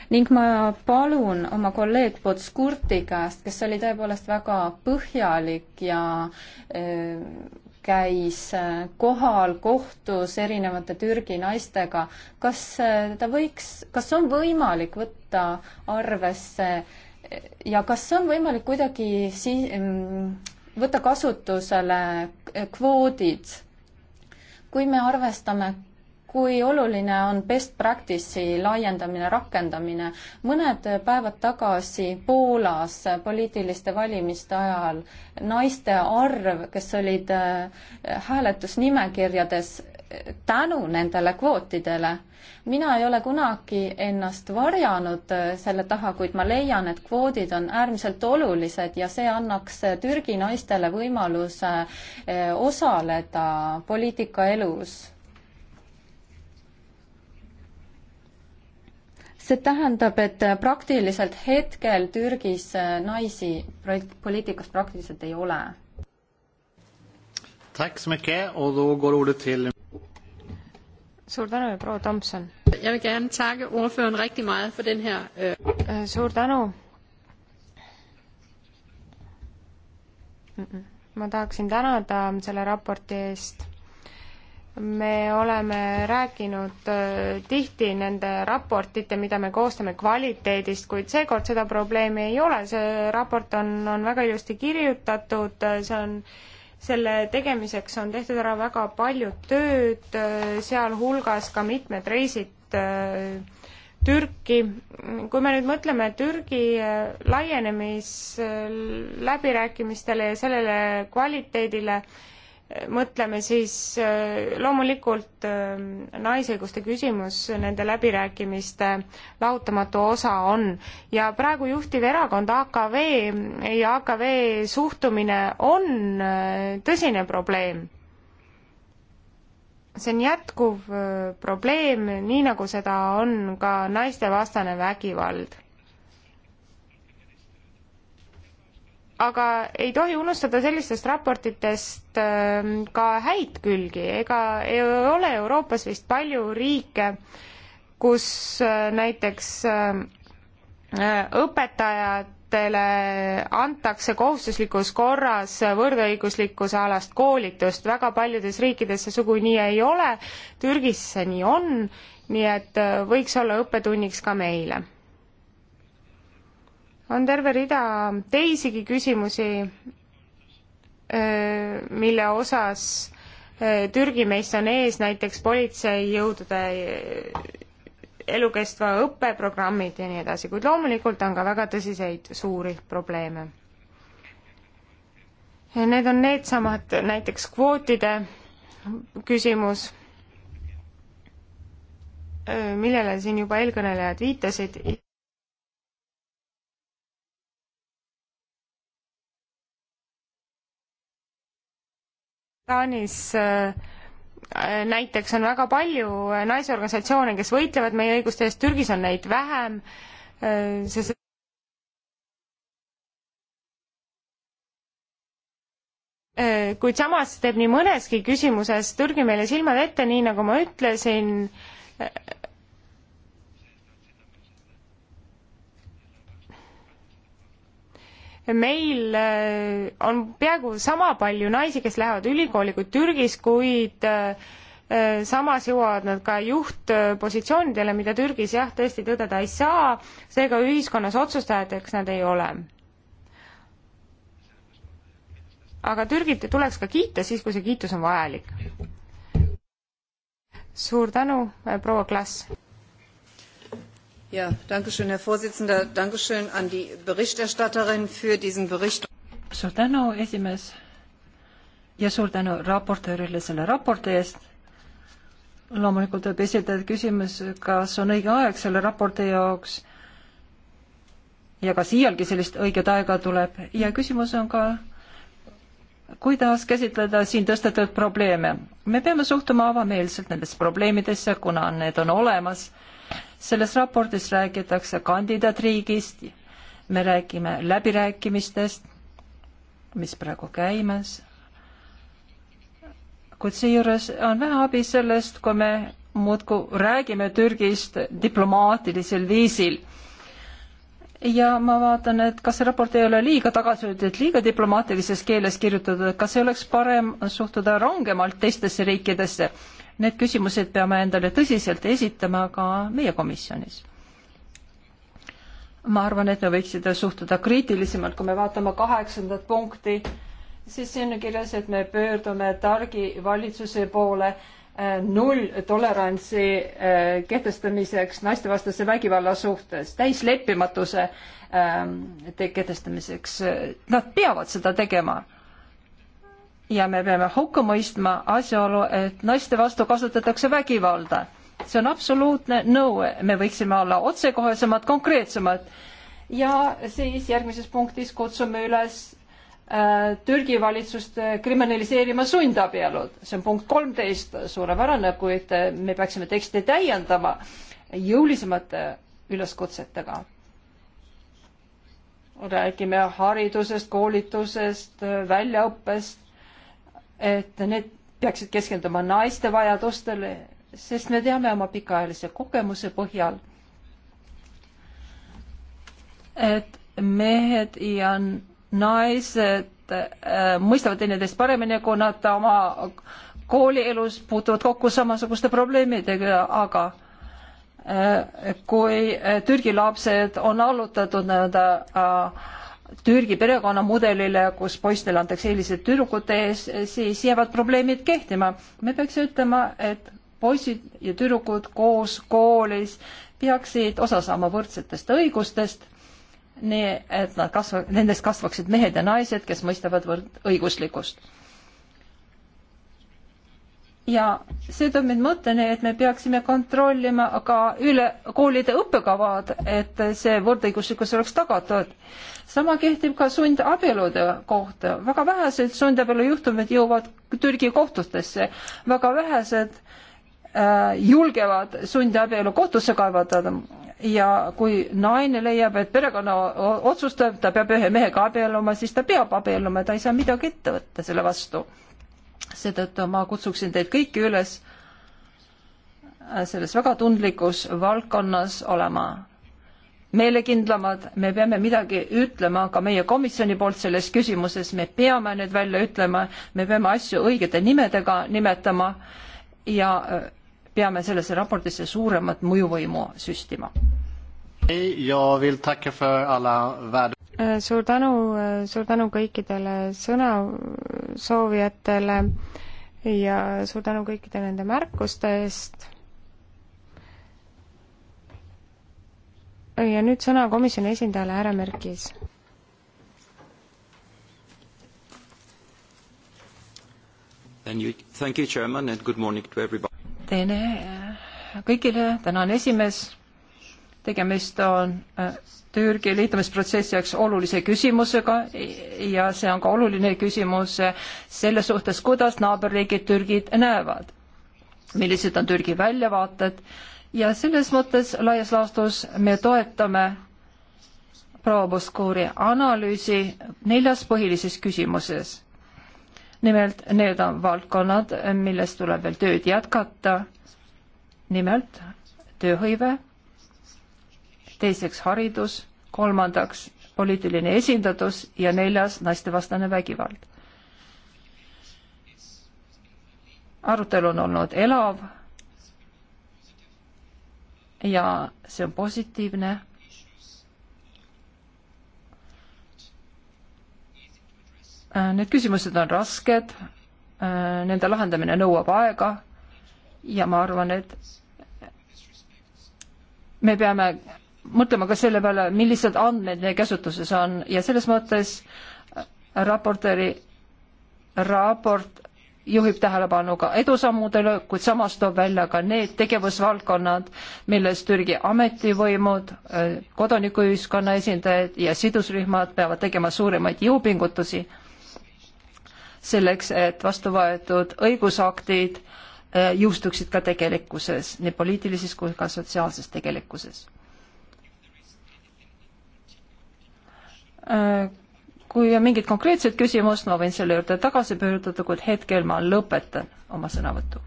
ning ma palun oma kolleeg Potskurti käest, kes oli tõepoolest väga põhjalik ja öö, e, käis e, kohal, kohtus erinevate Türgi naistega, kas e, ta võiks, kas on võimalik võtta arvesse ja kas on võimalik kuidagi si-, võtta kasutusele kvoodid kui me arvestame, kui oluline on best practice'i laiendamine, rakendamine. mõned päevad tagasi Poolas poliitiliste valimiste ajal naiste arv, kes olid äh, hääletusnimekirjades, tänu nendele kvootidele. mina ei ole kunagi ennast varjanud äh, selle taha, kuid ma leian, et kvoodid on äärmiselt olulised ja see annaks äh, Türgi naistele võimaluse äh, osaleda poliitikaelus see tähendab, et praktiliselt hetkel Türgis naisi poliitikas praktiliselt ei ole suur tänu ja proua Tomson. Øh, äh, suur tänu. ma tahaksin tänada selle raporti eest me oleme rääkinud äh, tihti nende raportite, mida me koostame, kvaliteedist, kuid seekord seda probleemi ei ole, see raport on, on väga ilusti kirjutatud, äh, see on äh, selle tegemiseks on tehtud ära väga palju tööd, sealhulgas ka mitmed reisid äh, Türki. kui me nüüd mõtleme Türgi äh, laienemisläbirääkimistele äh, ja sellele kvaliteedile, mõtleme siis äh, loomulikult äh, naisõiguste küsimus nende läbirääkimiste lahutamatu osa on ja praegu juhtiv erakond AKV ja AKV suhtumine on äh, tõsine probleem. see on jätkuv probleem, nii nagu seda on ka naistevastane vägivald aga ei tohi unustada sellistest raportitest ähm, ka häid külgi, ega ei ole Euroopas vist palju riike, kus äh, näiteks ähm, äh, õpetajatele antakse kohustuslikus korras võrdõiguslikkuse alast koolitust, väga paljudes riikides see sugugi nii ei ole, Türgis see nii on, nii et äh, võiks olla õppetunniks ka meile on terve rida teisigi küsimusi, mille osas Türgi meist on ees, näiteks politseijõudude elukestva õppe programmid ja nii edasi, kuid loomulikult on ka väga tõsiseid suuri probleeme. Need on needsamad näiteks kvootide küsimus, millele siin juba eelkõnelejad viitasid Taanis äh, näiteks on väga palju äh, naisorganisatsioone, kes võitlevad meie õiguste eest, Türgis on neid vähem, äh, sest kuid samas teeb nii mõneski küsimuses Türgi meile silmad ette, nii nagu ma ütlesin, meil äh, on peaaegu sama palju naisi, kes lähevad ülikooli kui Türgis, kuid äh, äh, samas jõuavad nad ka juhtpositsioonidele, mida Türgis jah, tõesti tõdeda ei saa, seega ühiskonnas otsustajateks nad ei ole. aga Türgit tuleks ka kiita siis, kui see kiitus on vajalik. suur tänu, proua Klass! Ja, danke schön, Herr Vorsitzender. Danke schön an die Berichterstatterin für diesen Bericht. Suur tänu, esimees. Ja suur tänu raportöörile selle raporti eest. Loomulikult võib esitada küsimus, kas on õige aeg selle raporti jaoks ja kas iialgi sellist õiget aega tuleb. Ja küsimus on ka, kuidas käsitleda siin tõstetud probleeme. Me peame suhtuma avameelselt nendesse probleemidesse, kuna need on olemas selles raportis räägitakse kandidaatriigist, me räägime läbirääkimistest, mis praegu käimas, kuid seejuures on vähe abi sellest, kui me muudkui räägime Türgist diplomaatilisel viisil. ja ma vaatan, et kas see raport ei ole liiga tagasihoidlik, liiga diplomaatilises keeles kirjutatud, et kas ei oleks parem suhtuda rangemalt teistesse riikidesse Need küsimused peame endale tõsiselt esitama ka meie komisjonis. ma arvan, et me võiksime suhtuda kriitilisemalt, kui me vaatame kaheksandat punkti, siis siin on kirjas, et me pöördume targi valitsuse poole eh, nulltolerantsi eh, kehtestamiseks naistevastase vägivalla suhtes, täisleppimatuse eh, kehtestamiseks. Nad peavad seda tegema ja me peame hukka mõistma asjaolu, et naiste vastu kasutatakse vägivalda. see on absoluutne nõue, me võiksime olla otsekohesemad, konkreetsemad ja siis järgmises punktis kutsume üles äh, Türgi valitsust äh, kriminaliseerima sundabielud, see on punkt kolmteist, suurepärane, kuid äh, me peaksime teksti täiendama jõulisemate üleskutsetega. räägime haridusest, koolitusest, äh, väljaõppest, et need peaksid keskenduma naiste vajadustele, sest me teame oma pikaajalise kogemuse põhjal, et mehed ja naised äh, mõistavad teineteist paremini, kui nad oma koolielus puutuvad kokku samasuguste probleemidega, aga äh, kui äh, Türgi lapsed on allutatud nii-öelda äh, Türgi perekonnamudelile, kus poistele antakse eelised tüdrukute ees, siis jäävad probleemid kehtima. me peaks ütlema, et poisid ja tüdrukud koos koolis peaksid osa saama võrdsetest õigustest, nii et nad kasva-, nendest kasvaksid mehed ja naised, kes mõistavad võrd-, õiguslikkust ja see toob mind mõtteni, et me peaksime kontrollima ka üle koolide õppekavad, et see võrdõiguslikkus oleks tagatud. sama kehtib ka sundabielude kohta. väga vähesed sundabielujuhtumid jõuavad Türgi kohtutesse, väga vähesed äh, julgevad sundabielu kohtusse kaevata ja kui naine leiab, et perekonna otsustab, ta peab ühe mehega abielluma, siis ta peab abielluma, ta ei saa midagi ette võtta selle vastu seetõttu ma kutsuksin teid kõiki üles äh, selles väga tundlikus valdkonnas olema meelekindlamad, me peame midagi ütlema ka meie komisjoni poolt selles küsimuses, me peame nüüd välja ütlema, me peame asju õigete nimedega nimetama ja äh, peame sellesse raportisse suuremat mõjuvõimu süstima. Äh, suur tänu, äh, suur tänu kõikidele sõnasoovijatele ja suur tänu kõikide nende märkuste eest. ja nüüd sõna komisjoni esindajale härra Merkis. tere äh, kõigile, tänan esimees tegemist on äh, Türgi liitumisprotsessi jaoks olulise küsimusega ja see on ka oluline küsimus selle suhtes, kuidas naaberriigid Türgid näevad, millised on Türgi väljavaated ja selles mõttes laias laastus me toetame proua Boskuuri analüüsi neljas põhilises küsimuses. nimelt need on valdkonnad, milles tuleb veel tööd jätkata. nimelt tööhõive teiseks haridus, kolmandaks poliitiline esindatus ja neljas naistevastane vägivald. arutelu on olnud elav ja see on positiivne. Äh, need küsimused on rasked, äh, nende lahendamine nõuab aega ja ma arvan, et me peame mõtlema ka selle peale, millised andmed meie käsutuses on ja selles mõttes raportööri raport juhib tähelepanu ka edusammudele, kuid samas toob välja ka need tegevusvaldkonnad, milles Türgi ametivõimud, kodanikuühiskonna esindajad ja sidusrühmad peavad tegema suuremaid jõupingutusi selleks, et vastu võetud õigusaktid eh, jõustuksid ka tegelikkuses, nii poliitilises kui ka sotsiaalses tegelikkuses Äh, kui on mingid konkreetsed küsimused, ma võin selle juurde tagasi pöörduda, kuid hetkel ma lõpetan oma sõnavõtu.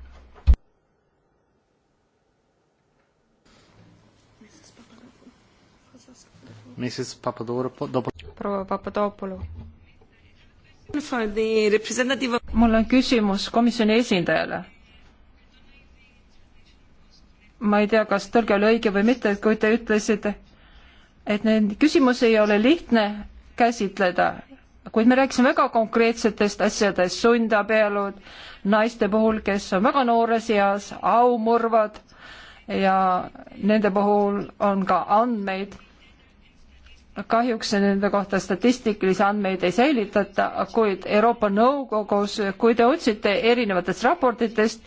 proua Papadopoulou. mul on küsimus komisjoni esindajale ma ei tea, kas tõlge oli õige või mitte, kui te ütlesite, et neid küsimusi ei ole lihtne käsitleda, kuid me rääkisime väga konkreetsetest asjadest, sundabielud naiste puhul, kes on väga noores eas, aumurvad ja nende puhul on ka andmeid. kahjuks nende kohta statistilisi andmeid ei säilitata, kuid Euroopa Nõukogus, kui te otsite erinevatest raportitest,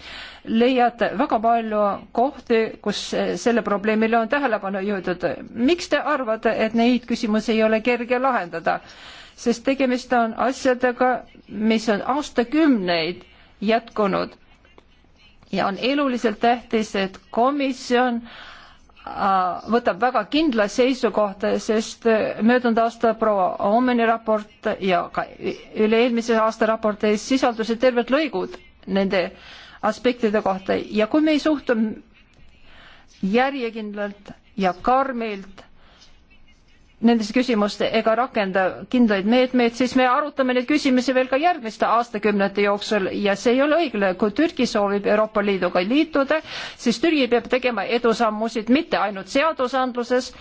leiate väga palju kohti, kus selle probleemile on tähelepanu jõudnud. miks te arvate, et neid küsimusi ei ole kerge lahendada? sest tegemist on asjadega, mis on aastakümneid jätkunud ja on eluliselt tähtis, et komisjon äh, võtab väga kindla seisukohta, sest möödunud aasta proua Omeni raport ja ka üle-eelmise aasta raportis sisaldusid terved lõigud nende äh, aspektide kohta ja kui me ei suhtu järjekindlalt ja karmilt nendesse küsimuste ega rakenda kindlaid meetmeid, siis me arutame neid küsimusi veel ka järgmiste aastakümnete jooksul ja see ei ole õiglane. kui Türgi soovib Euroopa Liiduga liituda, siis Türgi peab tegema edusammusid mitte ainult seadusandluses,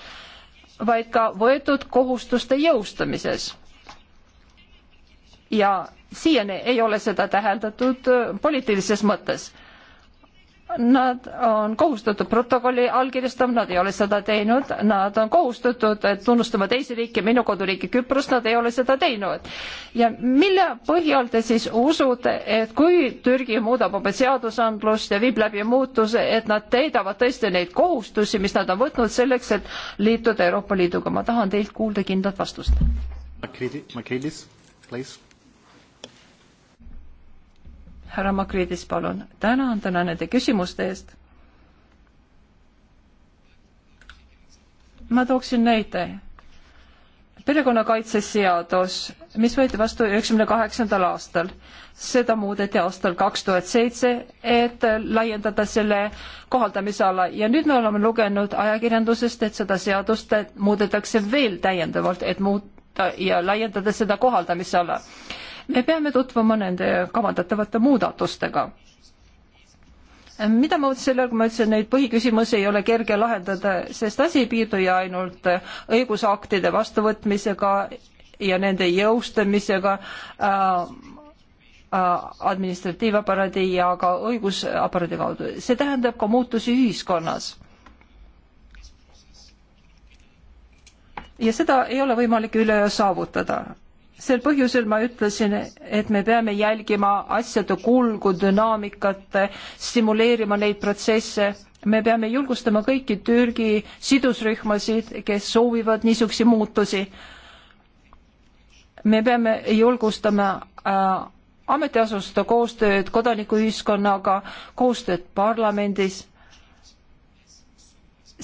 vaid ka võetud kohustuste jõustamises ja siiani ei ole seda täheldatud poliitilises mõttes. Nad on kohustatud protokolli allkirjastama, nad ei ole seda teinud, nad on kohustatud tunnustama teisi riike, minu koduriiki Küprost, nad ei ole seda teinud. ja mille põhjal te siis usute, et kui Türgi muudab oma seadusandlust ja viib läbi muutuse, et nad täidavad tõesti neid kohustusi, mis nad on võtnud selleks, et liituda Euroopa Liiduga, ma tahan teilt kuulda kindlat vastust. Makridis, please härra Makridis, palun. tänan, tänan nende küsimuste eest. ma tooksin näite. perekonnakaitseseadus, mis võeti vastu üheksakümne kaheksandal aastal, seda muudeti aastal kaks tuhat seitse, et laiendada selle kohaldamisala ja nüüd me oleme lugenud ajakirjandusest, et seda seadust muudetakse veel täiendavalt, et muuta ja laiendada seda kohaldamisala me peame tutvuma nende kavandatavate muudatustega. mida ma mõtlesin, ma ütlesin, neid põhiküsimusi ei ole kerge lahendada, sest asi ei piirdu ju ainult õigusaktide vastuvõtmisega ja nende jõustamisega äh, äh, administratiivaparaadi ja ka õigusaparaadi kaudu. see tähendab ka muutusi ühiskonnas. ja seda ei ole võimalik üleöö saavutada sel põhjusel ma ütlesin, et me peame jälgima asjade kulgu, dünaamikat, stimuleerima neid protsesse. me peame julgustama kõiki Türgi sidusrühmasid, kes soovivad niisuguseid muutusi. me peame julgustama äh, ametiasutuste koostööd kodanikuühiskonnaga, koostööd parlamendis,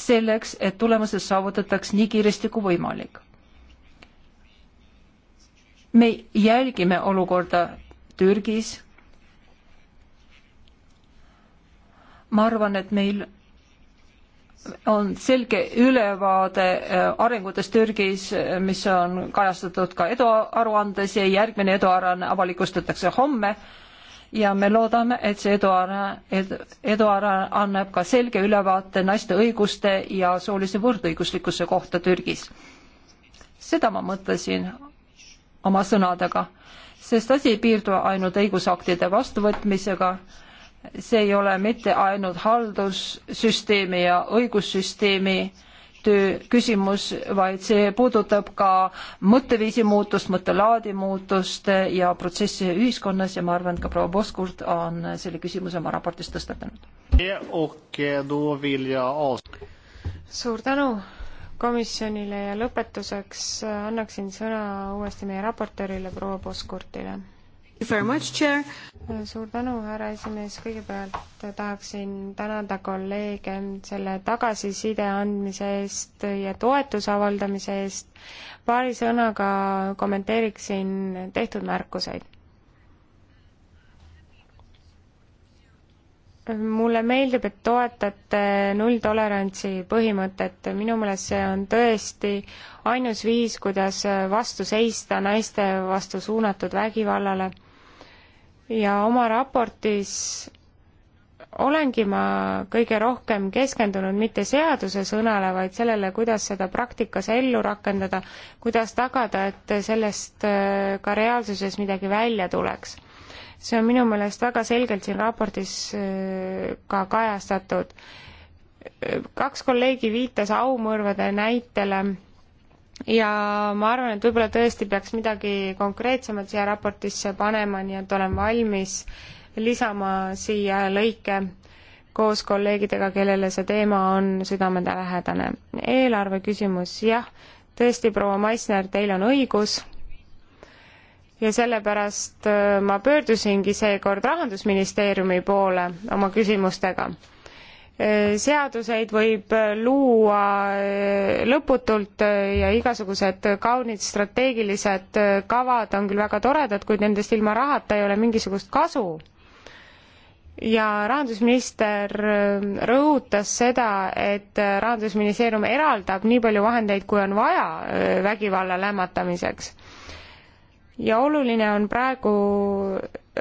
selleks, et tulemused saavutataks nii kiiresti kui võimalik me jälgime olukorda Türgis. ma arvan, et meil on selge ülevaade äh, arengutest Türgis, äh, mis on kajastatud ka eduaruandes ja järgmine eduaruanne avalikustatakse homme ja me loodame, et see eduaruanne edu,, eduaruanne annab ka selge ülevaate naiste õiguste ja soolise võrdõiguslikkuse kohta Türgis. seda ma mõtlesin oma sõnadega, sest asi ei piirdu ainult õigusaktide vastuvõtmisega, see ei ole mitte ainult haldussüsteemi ja õigussüsteemi töö küsimus, vaid see puudutab ka mõtteviisi muutust, mõttelaadi muutust ja protsessi ühiskonnas ja ma arvan, et ka proua Poskurt on selle küsimuse oma raportis tõstatanud. suur tänu komisjonile ja lõpetuseks annaksin sõna uuesti meie raportöörile proua Poskurtile. suur tänu, härra esimees, kõigepealt tahaksin tänada kolleege selle tagasiside andmise eest ja toetuse avaldamise eest. paari sõnaga kommenteeriksin tehtud märkuseid mulle meeldib, et toetate nulltolerantsi põhimõtet, minu meelest see on tõesti ainus viis, kuidas vastu seista naiste vastu suunatud vägivallale. ja oma raportis olengi ma kõige rohkem keskendunud mitte seaduse sõnale, vaid sellele, kuidas seda praktikas ellu rakendada, kuidas tagada, et sellest äh, ka reaalsuses midagi välja tuleks see on minu meelest väga selgelt siin raportis äh, ka kajastatud. kaks kolleegi viitas aumõrvade näitele ja ma arvan, et võib-olla tõesti peaks midagi konkreetsemat siia raportisse panema, nii et olen valmis lisama siia lõike koos kolleegidega, kellele see teema on südamelähedane. eelarve küsimus, jah, tõesti, proua Maisner, teil on õigus ja sellepärast äh, ma pöördusingi seekord Rahandusministeeriumi poole oma küsimustega. Äh, seaduseid võib äh, luua lõputult ja igasugused kaunid strateegilised kavad on küll väga toredad, kuid nendest ilma rahata ei ole mingisugust kasu ja rahandusminister rõhutas seda, et rahandusministeerium eraldab nii palju vahendeid, kui on vaja vägivalla lämmatamiseks ja oluline on praegu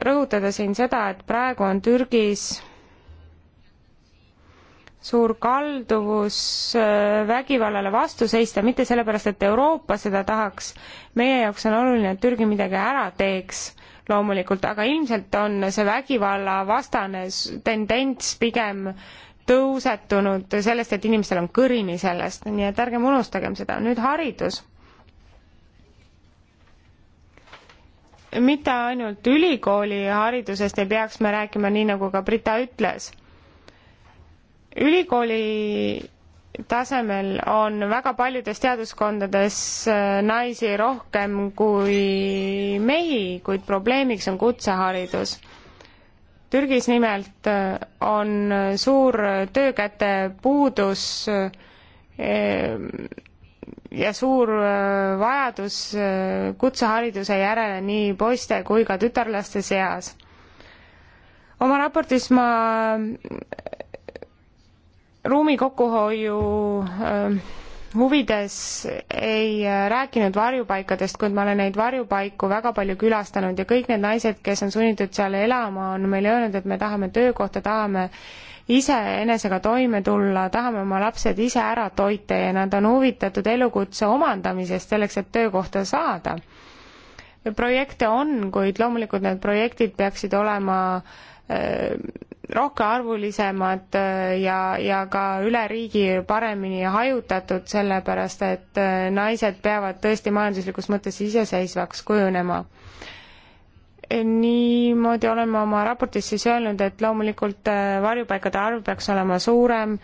rõhutada siin seda, et praegu on Türgis suur kalduvus äh, vägivallale vastu seista, mitte sellepärast, et Euroopa seda tahaks. meie jaoks on oluline, et Türgi midagi ära teeks loomulikult, aga ilmselt on see vägivallavastane tendents pigem tõusetunud sellest, et inimestel on kõrini sellest, nii et ärgem unustagem seda. nüüd haridus mitte ainult ülikooliharidusest ei peaks me rääkima, nii nagu ka Brita ütles. ülikooli tasemel on väga paljudes teaduskondades äh, naisi rohkem kui mehi, kuid probleemiks on kutseharidus. Türgis nimelt äh, on suur töökäte puudus äh, ja suur äh, vajadus äh, kutsehariduse järele nii poiste kui ka tütarlaste seas. oma raportis ma äh, ruumi kokkuhoiu huvides ei rääkinud varjupaikadest, kuid ma olen neid varjupaiku väga palju külastanud ja kõik need naised, kes on sunnitud seal elama, on meile öelnud, et me tahame töökohta, tahame iseenesega toime tulla, tahame oma lapsed ise ära toita ja nad on huvitatud elukutse omandamisest selleks, et töökohta saada. projekte on, kuid loomulikult need projektid peaksid olema äh, rohkearvulisemad äh, ja, ja ka üle riigi paremini hajutatud, sellepärast et äh, naised peavad tõesti majanduslikus mõttes iseseisvaks kujunema niimoodi olen ma oma raportis siis öelnud, et loomulikult äh, varjupaikade arv peaks olema suurem,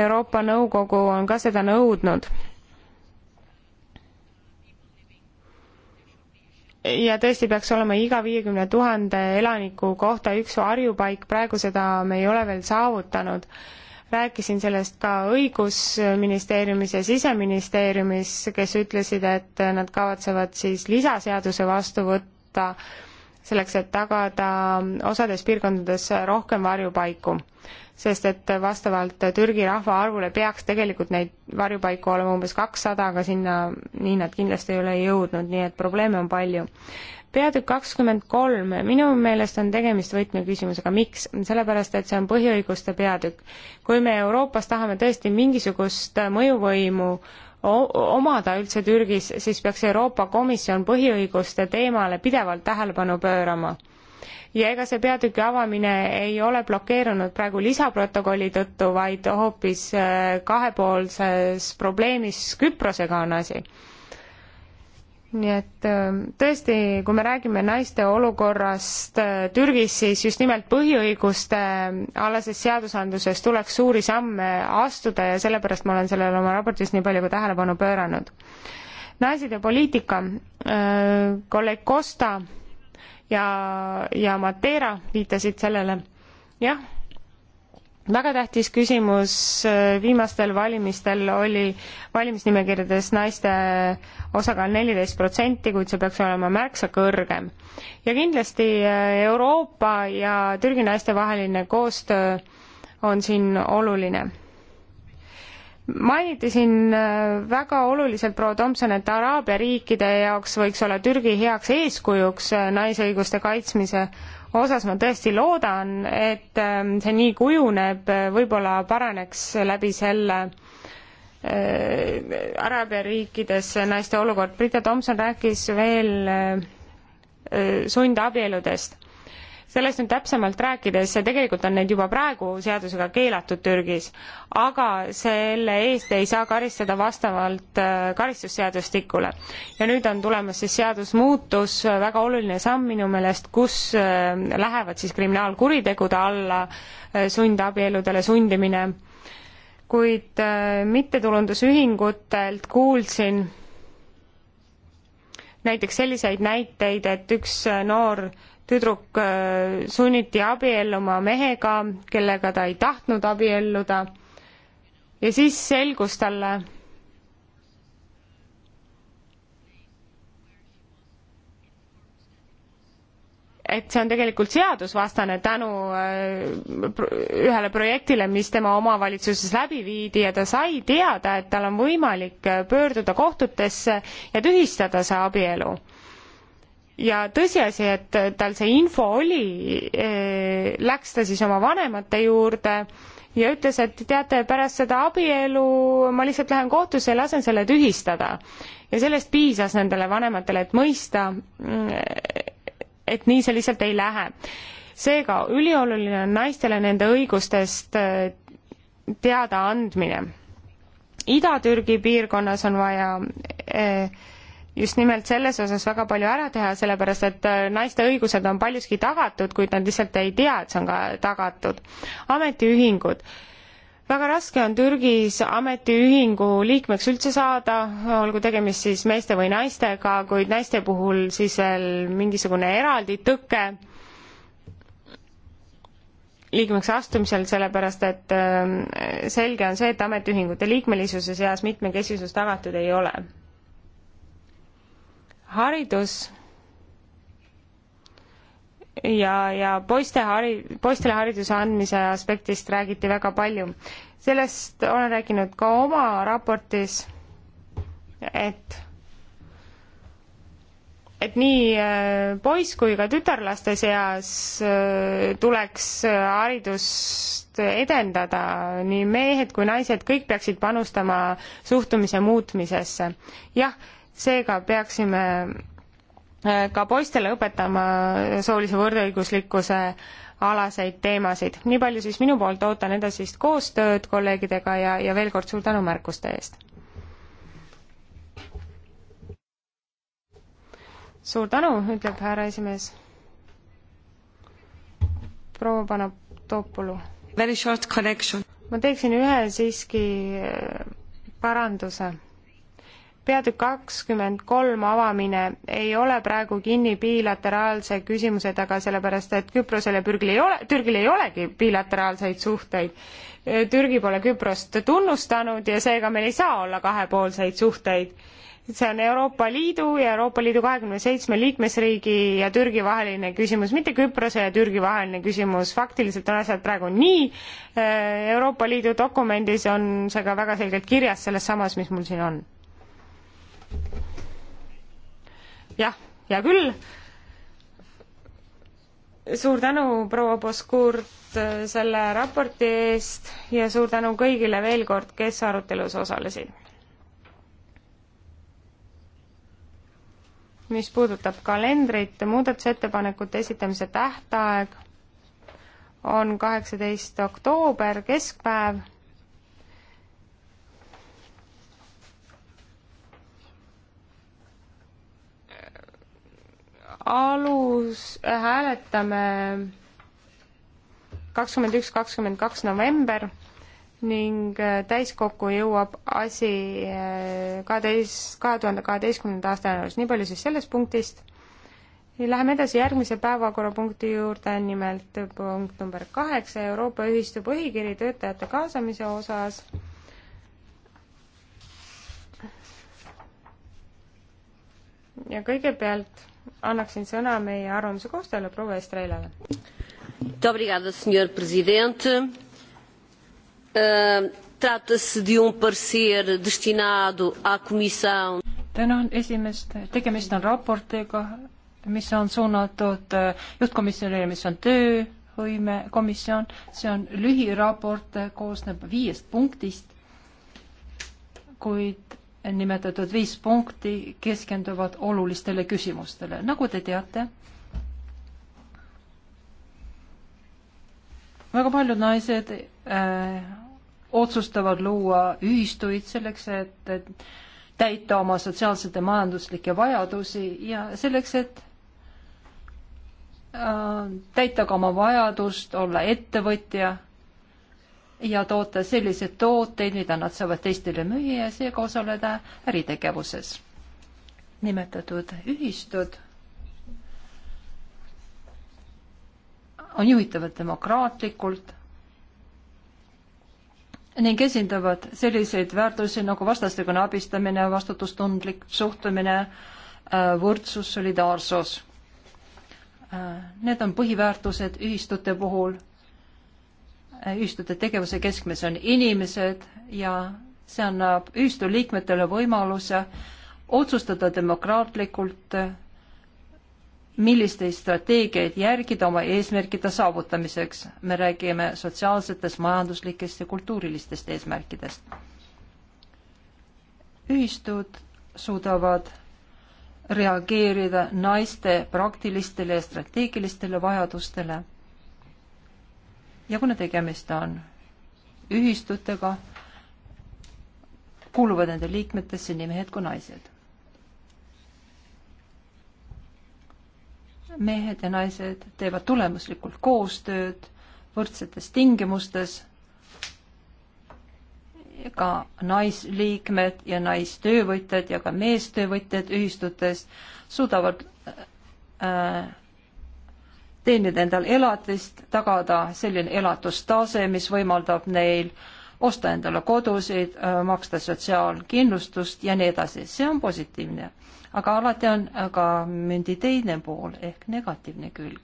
Euroopa Nõukogu on ka seda nõudnud. ja tõesti peaks olema iga viiekümne tuhande elaniku kohta üks varjupaik, praegu seda me ei ole veel saavutanud. rääkisin sellest ka õigusministeeriumis ja siseministeeriumis, kes ütlesid, et nad kavatsevad siis lisaseaduse vastu võtta, võtta selleks, et tagada osades piirkondades rohkem varjupaiku. sest et vastavalt Türgi rahvaarvule peaks tegelikult neid varjupaiku olema umbes kakssada, aga sinna nii nad kindlasti ei ole jõudnud, nii et probleeme on palju. peatükk kakskümmend kolm, minu meelest on tegemist võtmeküsimusega, miks? sellepärast, et see on põhiõiguste peatükk. kui me Euroopas tahame tõesti mingisugust mõjuvõimu omada üldse Türgis, siis peaks Euroopa Komisjon põhiõiguste teemale pidevalt tähelepanu pöörama. ja ega see peatüki avamine ei ole blokeerunud praegu lisaprotokolli tõttu, vaid hoopis äh, kahepoolses probleemis Küprosega on asi nii et äh, tõesti, kui me räägime naiste olukorrast äh, Türgis, siis just nimelt põhiõiguste äh, alases seadusandluses tuleks suuri samme astuda ja sellepärast ma olen sellele oma raportis nii palju ka tähelepanu pööranud. naised ja poliitika, kolleeg Costa ja, ja Matera viitasid sellele, jah väga tähtis küsimus äh, viimastel valimistel oli valimisnimekirjades naiste osakaal neliteist protsenti, kuid see peaks olema märksa kõrgem. ja kindlasti äh, Euroopa ja Türgi naiste vaheline koostöö on siin oluline. mainiti siin äh, väga oluliselt, proua Tomson, et Araabia riikide jaoks võiks olla Türgi heaks eeskujuks naisõiguste kaitsmise osas ma tõesti loodan, et ähm, see nii kujuneb, äh, võib-olla paraneks läbi selle äh, Araabia riikides naiste olukord. Brita Tomson rääkis veel äh, äh sundabieludest sellest nüüd täpsemalt rääkides, tegelikult on need juba praegu seadusega keelatud Türgis, aga selle eest ei saa karistada vastavalt äh, karistusseadustikule. ja nüüd on tulemas siis seadusmuutus, äh, väga oluline samm minu meelest, kus äh, lähevad siis kriminaalkuritegude alla sundabieludele sundimine, kuid mittetulundusühingutelt kuulsin näiteks selliseid näiteid, et üks noor äh, tüdruk äh, sunniti abielluma mehega, kellega ta ei tahtnud abielluda ja siis selgus talle, et see on tegelikult seadusvastane tänu äh, ühele projektile, mis tema omavalitsuses läbi viidi ja ta sai teada, et tal on võimalik äh, pöörduda kohtutesse ja tühistada see abielu ja tõsiasi, et tal see info oli, eh, läks ta siis oma vanemate juurde ja ütles, et teate, pärast seda abielu ma lihtsalt lähen kohtusse ja lasen selle tühistada. ja sellest piisas nendele vanematele, et mõista, mm, et nii see lihtsalt ei lähe. seega ülioluline on naistele nende õigustest eh, teada andmine. Ida-Türgi piirkonnas on vaja eh, just nimelt selles osas väga palju ära teha, sellepärast et äh, naiste õigused on paljuski tagatud, kuid nad lihtsalt ei tea, et see on ka tagatud. ametiühingud. väga raske on Türgis ametiühingu liikmeks üldse saada, olgu tegemist siis meeste või naistega, kuid naiste puhul siis veel mingisugune eraldi tõke liikmeks astumisel, sellepärast et äh, selge on see, et ametiühingute liikmelisuse seas mitmekesisus tagatud ei ole haridus ja, ja poiste hari-, poistele hariduse andmise aspektist räägiti väga palju. sellest olen rääkinud ka oma raportis, et et nii äh, poiss kui ka tütarlaste seas äh, tuleks äh, haridust edendada, nii mehed kui naised, kõik peaksid panustama suhtumise muutmisesse. jah seega peaksime äh, ka poistele õpetama soolise võrdõiguslikkuse alaseid teemasid. nii palju siis minu poolt, ootan edasist koostööd kolleegidega ja, ja veel kord suur tänu märkuste eest. suur tänu, ütleb härra esimees. proua Panatopolu. Very short connection. ma teeksin ühe siiski äh, paranduse peatükk kakskümmend kolm avamine ei ole praegu kinni bilateraalse küsimuse taga, sellepärast et Küprosel ja Türgil ei ole, Türgil ei olegi bilateraalseid suhteid. Türgi pole Küprost tunnustanud ja seega meil ei saa olla kahepoolseid suhteid. see on Euroopa Liidu ja Euroopa Liidu kahekümne seitsme liikmesriigi ja Türgi vaheline küsimus, mitte Küprose ja Türgi vaheline küsimus, faktiliselt on asjad praegu nii, Euroopa Liidu dokumendis on see ka väga selgelt kirjas selles samas, mis mul siin on jah, hea küll. suur tänu, proua Poskurt, selle raporti eest ja suur tänu kõigile veel kord, kes arutelus osalesid. mis puudutab kalendrit, muudatusettepanekute esitamise tähtaeg on kaheksateist oktoober, keskpäev alus hääletame kakskümmend üks, kakskümmend kaks november ning äh, täiskokku jõuab asi äh, kaheteist, kahe tuhande kaheteistkümnenda aasta jaanuaris, nii palju siis sellest punktist. Läheme edasi järgmise päevakorrapunkti juurde, nimelt punkt number kaheksa, Euroopa Ühistu põhikiri töötajate kaasamise osas ja kõigepealt annaksin sõna meie arvamuse koostajale, proua Estreilale. Eh, um tänan esimest, tegemist on raportiga, mis on suunatud eh, juhtkomisjonile, mis on töövõimekomisjon, see on lühiraport, eh, koosneb viiest punktist, kuid nimetatud viis punkti keskenduvad olulistele küsimustele. nagu te teate, väga paljud naised äh, otsustavad luua ühistuid selleks, et täita oma sotsiaalseid ja majanduslikke vajadusi ja selleks, et äh, täita ka oma vajadust olla ettevõtja ja toota selliseid tooteid, mida nad saavad teistele müüa ja seega osaleda äritegevuses. nimetatud ühistud on juhitavad demokraatlikult ning esindavad selliseid väärtusi nagu vastastikune abistamine, vastutustundlik suhtumine, äh, võrdsus, solidaarsus. Äh, need on põhiväärtused ühistute puhul ühistute tegevuse keskmes on inimesed ja see annab ühistu liikmetele võimaluse otsustada demokraatlikult, millisteid strateegiaid järgida oma eesmärkide saavutamiseks. me räägime sotsiaalsetest, majanduslikest ja kultuurilistest eesmärkidest. ühistud suudavad reageerida naiste praktilistele ja strateegilistele vajadustele ja kuna tegemist on ühistutega, kuuluvad nende liikmetesse nii mehed kui naised. mehed ja naised teevad tulemuslikult koostööd võrdsetes tingimustes. ka naisliikmed ja naistöövõtjad ja ka meestöövõtjad ühistutes suudavad äh, teenida endal elatist, tagada selline elatustase, mis võimaldab neil osta endale kodusid, maksta sotsiaalkindlustust ja nii edasi, see on positiivne. aga alati on ka mündi teine pool ehk negatiivne külg.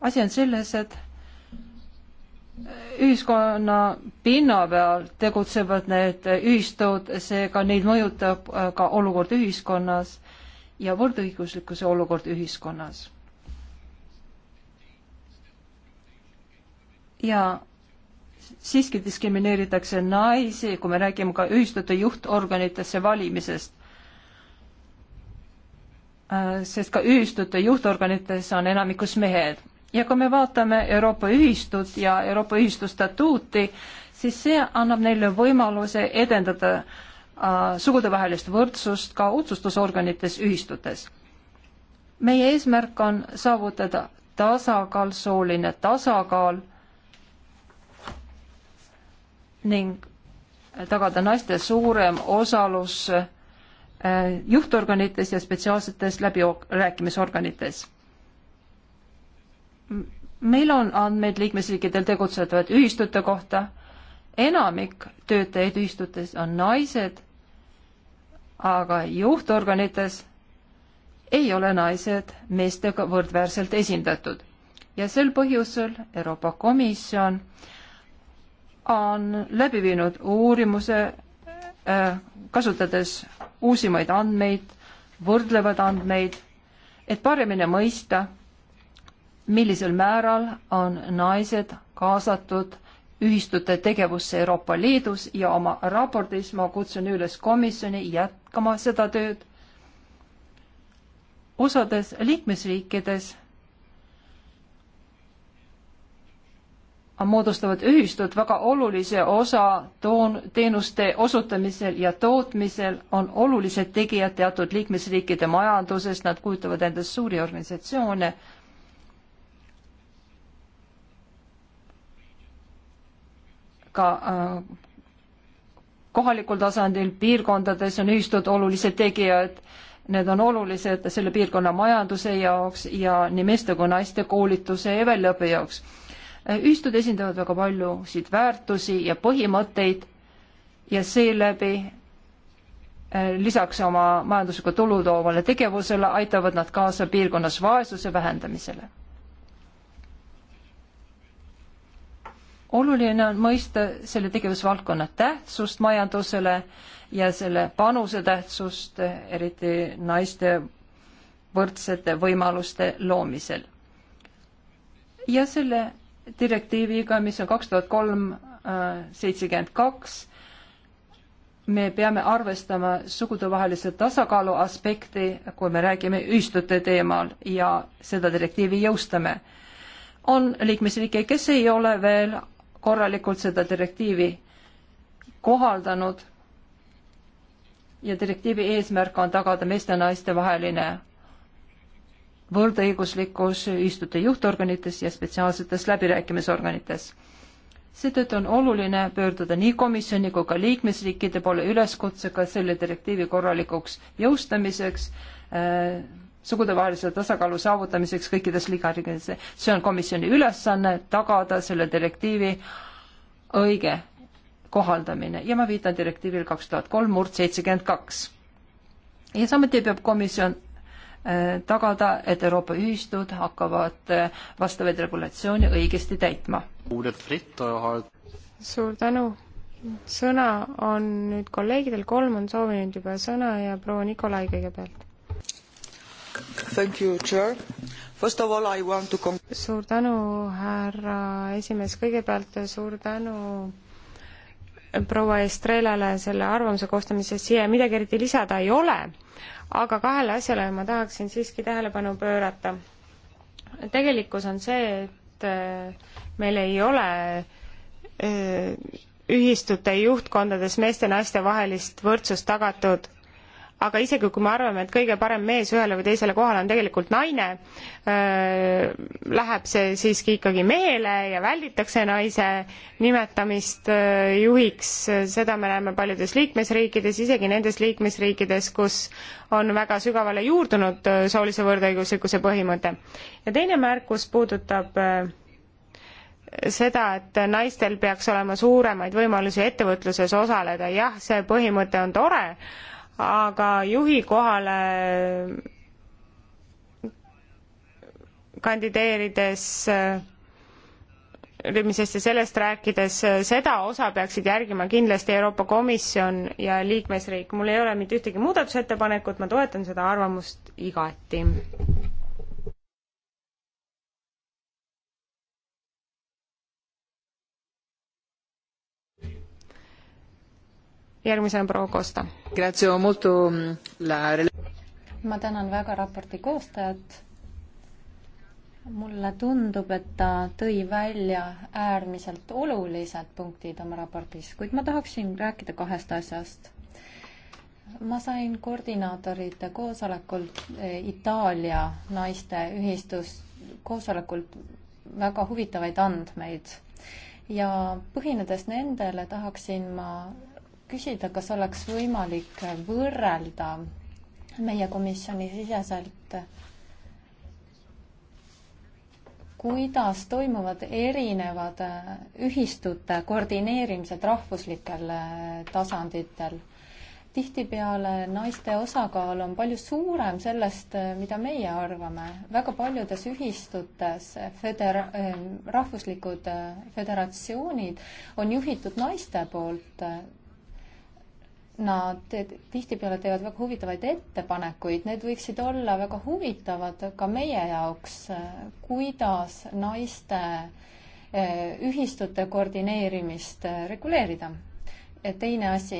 asi on selles, et ühiskonna pinna peal tegutsevad need ühistud, seega neid mõjutab ka olukord ühiskonnas ja võrdõiguslikkuse olukord ühiskonnas. ja siiski diskrimineeritakse naisi, kui me räägime ka ühistute juhtorganitesse valimisest. Äh, sest ka ühistute juhtorganites on enamikus mehed ja kui me vaatame Euroopa ühistut ja Euroopa ühistu statuuti, siis see annab neile võimaluse edendada äh, Äh, sugudevahelist võrdsust ka otsustusorganites ühistutes. meie eesmärk on saavutada tasakaal, sooline tasakaal ning tagada naiste suurem osalus äh, juhtorganites ja spetsiaalsetes läbirääkimisorganites. meil on andmeid liikmesriikidel tegutsevate ühistute kohta enamik töötajaid ühistutes on naised, aga juhtorganites ei ole naised meestega võrdväärselt esindatud. ja sel põhjusel Euroopa Komisjon on läbi viinud uurimuse, äh, kasutades uusimaid andmeid, võrdlevad andmeid, et paremini mõista, millisel määral on naised kaasatud ühistute tegevusse Euroopa Liidus ja oma raportis ma kutsun üles komisjoni jätkama seda tööd. osades liikmesriikides moodustavad ühistud väga olulise osa toon, teenuste osutamisel ja tootmisel, on olulised tegijad teatud liikmesriikide majanduses, nad kujutavad endast suuri organisatsioone ka äh, kohalikul tasandil, piirkondades on ühistud olulised tegijad, need on olulised selle piirkonna majanduse jaoks ja nii meeste kui naiste koolituse ja väljaõppe jaoks. Äh, ühistud esindavad väga paljusid väärtusi ja põhimõtteid ja seeläbi äh, lisaks oma majanduslikku tulu toovale tegevusele aitavad nad kaasa piirkonnas vaesuse vähendamisele oluline on mõista selle tegevusvaldkonna tähtsust majandusele ja selle panuse tähtsust, eriti naiste võrdsete võimaluste loomisel. ja selle direktiiviga, mis on kaks tuhat kolm äh, seitsekümmend kaks, me peame arvestama sugudevahelise tasakaalu aspekti, kui me räägime ühistute teemal ja seda direktiivi jõustame. on liikmesriike, kes ei ole veel korralikult seda direktiivi kohaldanud ja direktiivi eesmärk on tagada meeste ja naiste vaheline võrdõiguslikkus ühistute juhtorganites ja spetsiaalsetes läbirääkimisorganites. seetõttu on oluline pöörduda nii komisjoni kui ka liikmesriikide poole üleskutsega selle direktiivi korralikuks jõustamiseks äh, sugudevahelise tasakaalu saavutamiseks kõikides liigariikides. see on komisjoni ülesanne tagada selle direktiivi õige kohaldamine ja ma viitan direktiivil kaks tuhat kolm murd seitsekümmend kaks. ja samuti peab komisjon äh, tagada, et Euroopa ühistud hakkavad äh, vastavaid regulatsioone õigesti täitma. Äh, suur tänu. sõna on nüüd kolleegidel, kolm on soovinud juba sõna ja proua Nikolai kõigepealt. Thank you, Chair. First of all, I want to con-... suur tänu, härra esimees, kõigepealt suur tänu proua Estrelale selle arvamuse koostamise eest, siia midagi eriti lisada ei ole, aga kahele asjale ma tahaksin siiski tähelepanu pöörata. tegelikkus on see, et äh, meil ei ole äh, ühistute juhtkondades meeste ja naiste vahelist võrdsust tagatud aga isegi kui me arvame, et kõige parem mees ühele või teisele kohale on tegelikult naine, läheb see siiski ikkagi mehele ja välditakse naise nimetamist juhiks, seda me näeme paljudes liikmesriikides, isegi nendes liikmesriikides, kus on väga sügavale juurdunud soolise võrdõiguslikkuse põhimõte. ja teine märkus puudutab seda, et naistel peaks olema suuremaid võimalusi ettevõtluses osaleda, jah, see põhimõte on tore, aga juhi kohale kandideerides ülemisest ja sellest rääkides, seda osa peaksid järgima kindlasti Euroopa Komisjon ja liikmesriik. mul ei ole mitte ühtegi muudatusettepanekut, ma toetan seda arvamust igati. järgmisena proua Kosta. Mm, ma tänan väga raporti koostajat. mulle tundub, et ta tõi välja äärmiselt olulised punktid oma raportis, kuid ma tahaksin rääkida kahest asjast ma sain koordinaatorite koosolekult eh, Itaalia naiste ühistus koosolekult väga huvitavaid andmeid ja põhinedes nendele tahaksin ma küsida, kas oleks võimalik võrrelda meie komisjoni siseselt, kuidas toimuvad erinevad ühistute koordineerimised rahvuslikel tasanditel. tihtipeale naiste osakaal on palju suurem sellest, mida meie arvame. väga paljudes ühistutes födera-, rahvuslikud föderatsioonid on juhitud naiste poolt Nad tihtipeale teevad väga huvitavaid ettepanekuid, need võiksid olla väga huvitavad ka meie jaoks, kuidas naiste eh, ühistute koordineerimist eh, reguleerida. teine asi,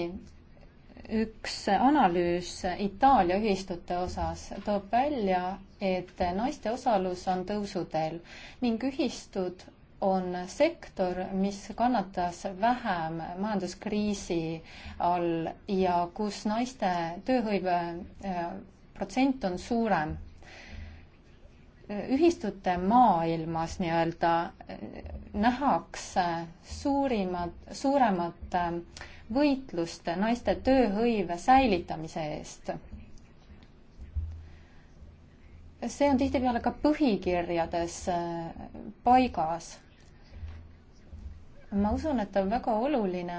üks analüüs Itaalia ühistute osas toob välja, et naiste osalus on tõusuteel ning ühistud on sektor, mis kannatas vähem majanduskriisi all ja kus naiste tööhõive äh, protsent on suurem. ühistute maailmas nii-öelda äh, nähakse suurimat, suuremat äh, võitlust naiste tööhõive säilitamise eest see on tihtipeale ka põhikirjades paigas ma usun, et on väga oluline,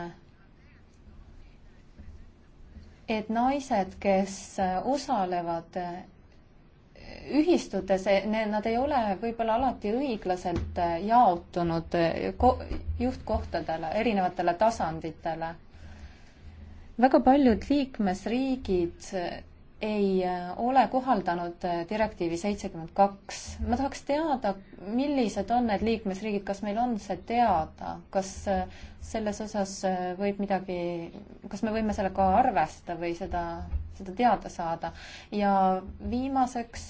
et naised, kes osalevad ühistutes, nad ei ole võib-olla alati õiglaselt jaotunud juhtkohtadele, erinevatele tasanditele. väga paljud liikmesriigid ei äh, ole kohaldanud äh, direktiivi seitsekümmend kaks. ma tahaks teada, millised on need liikmesriigid, kas meil on see teada, kas äh, selles osas võib midagi, kas me võime sellega arvestada või seda, seda teada saada? ja viimaseks,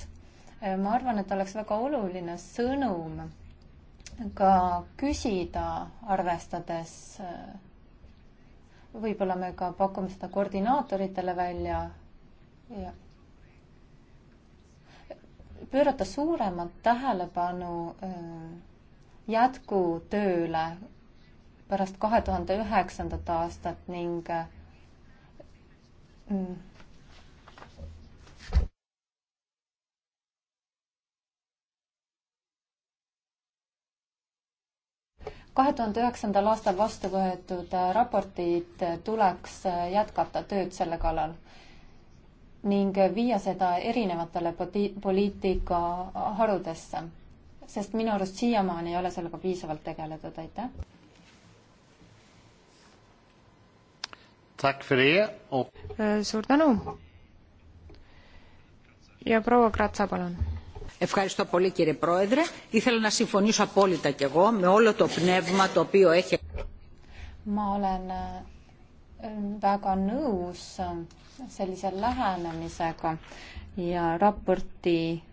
ma arvan, et oleks väga oluline sõnum ka küsida, arvestades võib-olla me ka pakume seda koordinaatoritele välja pöörata suuremat tähelepanu äh, jätkutööle pärast kahe tuhande üheksandat aastat ning äh, mm. kahe tuhande üheksandal aastal vastu võetud äh, raportit tuleks jätkata tööd selle kallal ning viia seda erinevatele poliitikaharudesse, sest minu arust siiamaani ei ole sellega piisavalt tegeletud, aitäh. Äh, suur tänu. ja proua Kratsa, palun. Ευχαριστώ πολύ κύριε Πρόεδρε. Ήθελα να συμφωνήσω απόλυτα κι εγώ με όλο το πνεύμα το οποίο έχει. Mä olen äh, väga nõus äh, sellise lähenemisega ja raporti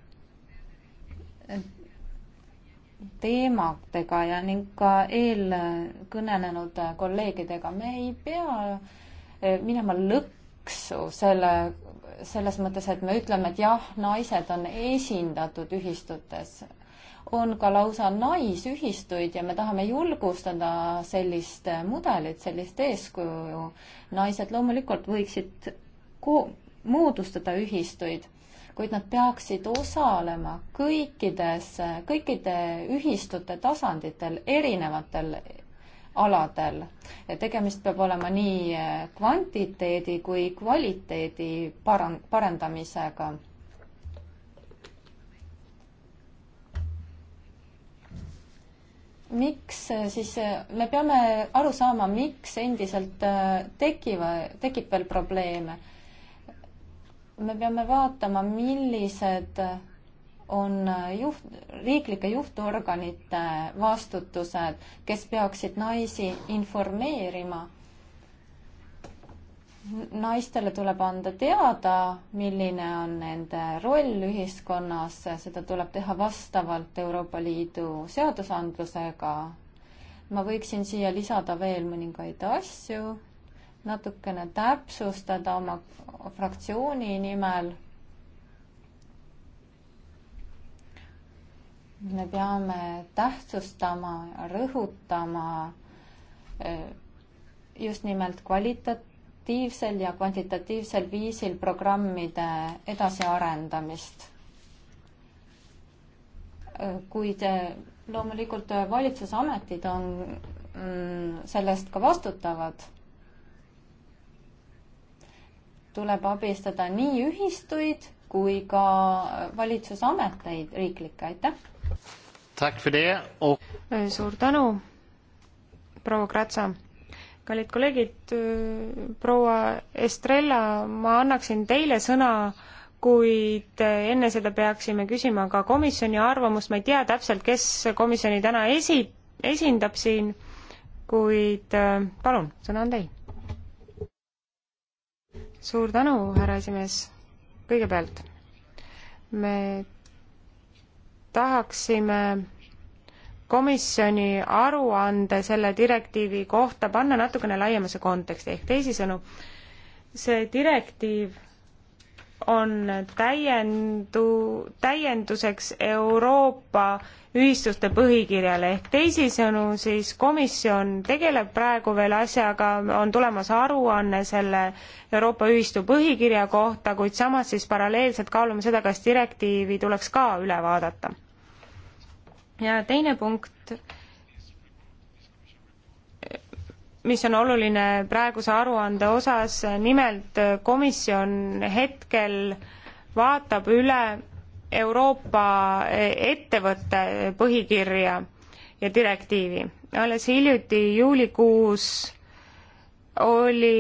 teemadega ja ning ka eelkõnelenud kolleegidega. me ei pea eh, minema lõksu selle, selles mõttes, et me ütleme, et jah, naised on esindatud ühistutes. on ka lausa naisühistuid ja me tahame julgustada sellist mudelit, sellist eeskuju. naised loomulikult võiksid moodustada ühistuid, kuid nad peaksid osalema kõikides, kõikide ühistute tasanditel, erinevatel aladel. tegemist peab olema nii kvantiteedi kui kvaliteedi paran-, parendamisega. miks siis, me peame aru saama, miks endiselt äh, tekiva, tekib veel probleeme me peame vaatama, millised on juht, riiklike juhtorganite vastutused, kes peaksid naisi informeerima. naistele tuleb anda teada, milline on nende roll ühiskonnas, seda tuleb teha vastavalt Euroopa Liidu seadusandlusega. ma võiksin siia lisada veel mõningaid asju, natukene täpsustada oma fraktsiooni nimel. me peame tähtsustama, rõhutama eh, just nimelt kvalitatiivsel ja kvantitatiivsel viisil programmide edasiarendamist. Eh, kuid eh, loomulikult valitsusametid on mm, sellest ka vastutavad tuleb abistada nii ühistuid kui ka valitsusameteid riiklikke, aitäh! Oh. suur tänu, proua Kratsa! kallid kolleegid, äh, proua Estrella, ma annaksin teile sõna kuid äh, enne seda peaksime küsima ka komisjoni arvamust, ma ei tea täpselt, kes komisjoni täna esi-, esindab siin, kuid palun, sõna on teil suur tänu, härra esimees. kõigepealt me tahaksime komisjoni aruande selle direktiivi kohta panna natukene laiemasse konteksti, ehk teisisõnu, see direktiiv on täiendu, täienduseks Euroopa ühistuste põhikirjale ehk teisisõnu siis komisjon tegeleb praegu veel asjaga, on tulemas aruanne selle Euroopa ühistu põhikirja kohta, kuid samas siis paralleelselt kaalume seda, kas direktiivi tuleks ka üle vaadata. ja teine punkt mis on oluline praeguse aruande osas, nimelt komisjon hetkel vaatab üle Euroopa ettevõtte põhikirja ja direktiivi. alles hiljuti juulikuus oli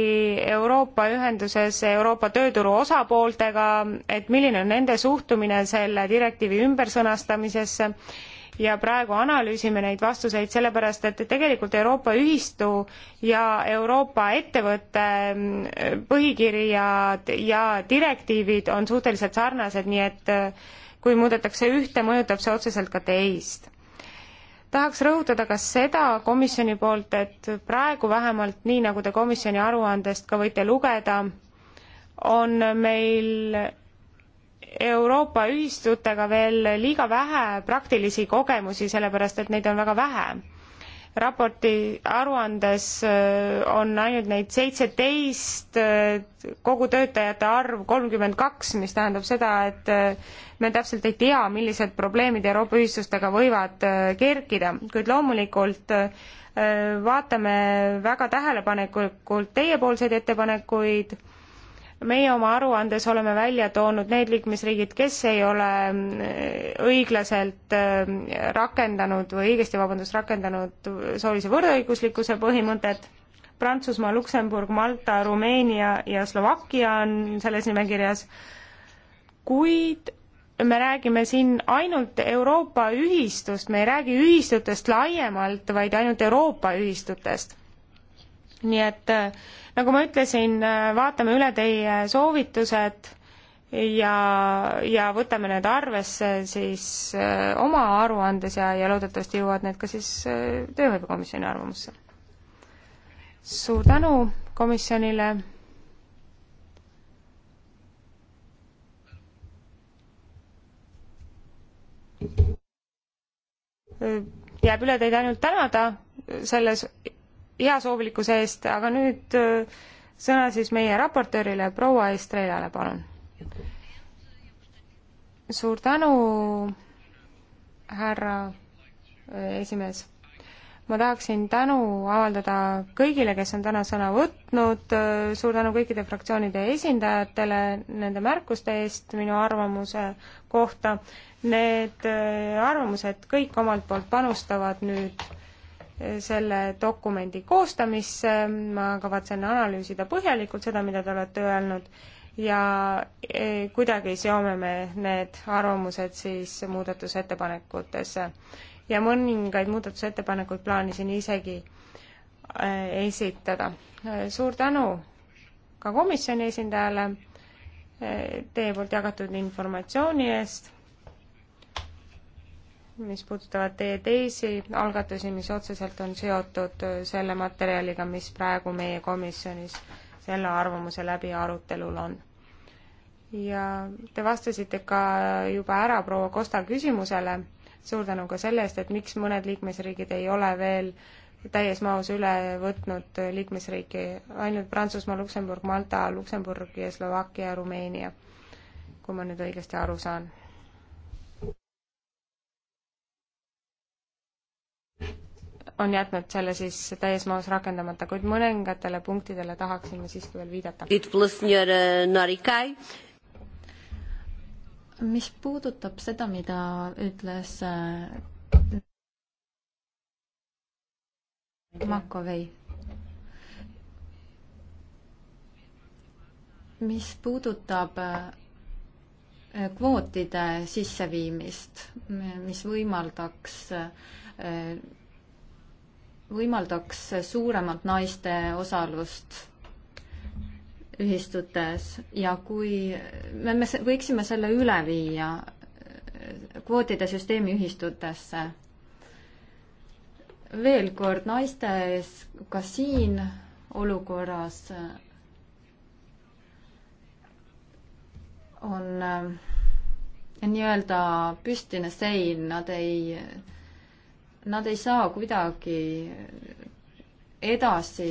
Euroopa ühenduses Euroopa tööturu osapooltega, et milline on nende suhtumine selle direktiivi ümbersõnastamisesse ja praegu analüüsime neid vastuseid, sellepärast et tegelikult Euroopa ühistu ja Euroopa ettevõtte mm, põhikirjad ja direktiivid on suhteliselt sarnased, nii et äh, kui muudetakse ühte, mõjutab see otseselt ka teist tahaks rõhutada ka seda komisjoni poolt, et praegu vähemalt nii, nagu te komisjoni aruandest ka võite lugeda, on meil Euroopa ühistutega veel liiga vähe praktilisi kogemusi, sellepärast et neid on väga vähe. raporti aruandes äh, on ainult neid seitseteist, äh, kogu töötajate arv kolmkümmend kaks, mis tähendab seda, et äh, me täpselt ei tea, millised probleemid Euroopa ühistustega võivad kerkida, kuid loomulikult vaatame väga tähelepanelikult teiepoolseid ettepanekuid meie oma aruandes oleme välja toonud need liikmesriigid, kes ei ole mm, õiglaselt mm, rakendanud või õigesti, vabandust, rakendanud soolise võrdõiguslikkuse põhimõtet. Prantsusmaa, Luksemburg, Malta, Rumeenia ja Slovakkia on selles nimekirjas, kuid me räägime siin ainult Euroopa ühistust, me ei räägi ühistutest laiemalt, vaid ainult Euroopa ühistutest nii et äh, nagu ma ütlesin, äh, vaatame üle teie soovitused ja, ja võtame need arvesse siis äh, oma aruandes ja, ja loodetavasti jõuavad need ka siis tööhõivekomisjoni arvamusse. suur tänu komisjonile jääb üle teid ainult tänada selles heasoovlikkuse eest, aga nüüd äh, sõna siis meie raportöörile, proua Estrelale, palun. suur tänu, härra äh, esimees. ma tahaksin tänu avaldada kõigile, kes on täna sõna võtnud, äh, suur tänu kõikide fraktsioonide esindajatele nende märkuste eest minu arvamuse kohta. Need arvamused kõik omalt poolt panustavad nüüd selle dokumendi koostamisse, ma kavatsen analüüsida põhjalikult seda, mida te olete öelnud, ja e, kuidagi seome me need arvamused siis muudatusettepanekutesse. ja mõningaid muudatusettepanekuid plaanisin isegi e, esitada. E, suur tänu ka komisjoni esindajale teie poolt jagatud informatsiooni eest mis puudutavad teie teisi algatusi, mis otseselt on seotud äh, selle materjaliga, mis praegu meie komisjonis selle arvamuse läbi arutelul on. ja te vastasite ka juba ära proua Kosta küsimusele, suur tänu ka selle eest, et miks mõned liikmesriigid ei ole veel täies mahus üle võtnud liikmesriiki, ainult Prantsusmaa, Luksemburg, Malta, Luksemburg ja Slovakkia ja Rumeenia, kui ma nüüd õigesti aru saan on jätnud selle siis täies mahus rakendamata, kuid mõningatele punktidele tahaksime siiski veel viidata. E, mis puudutab seda, mida ütles e, Makovei, mis puudutab e, kvootide sisseviimist, mis võimaldaks võimaldaks suuremat naiste osalust ühistutes ja kui me, me võiksime selle üle viia äh, kvootide süsteemi ühistutesse. veel kord, naiste ees ka siin olukorras äh, on äh, nii-öelda püstine sein, nad ei nad ei saa kuidagi edasi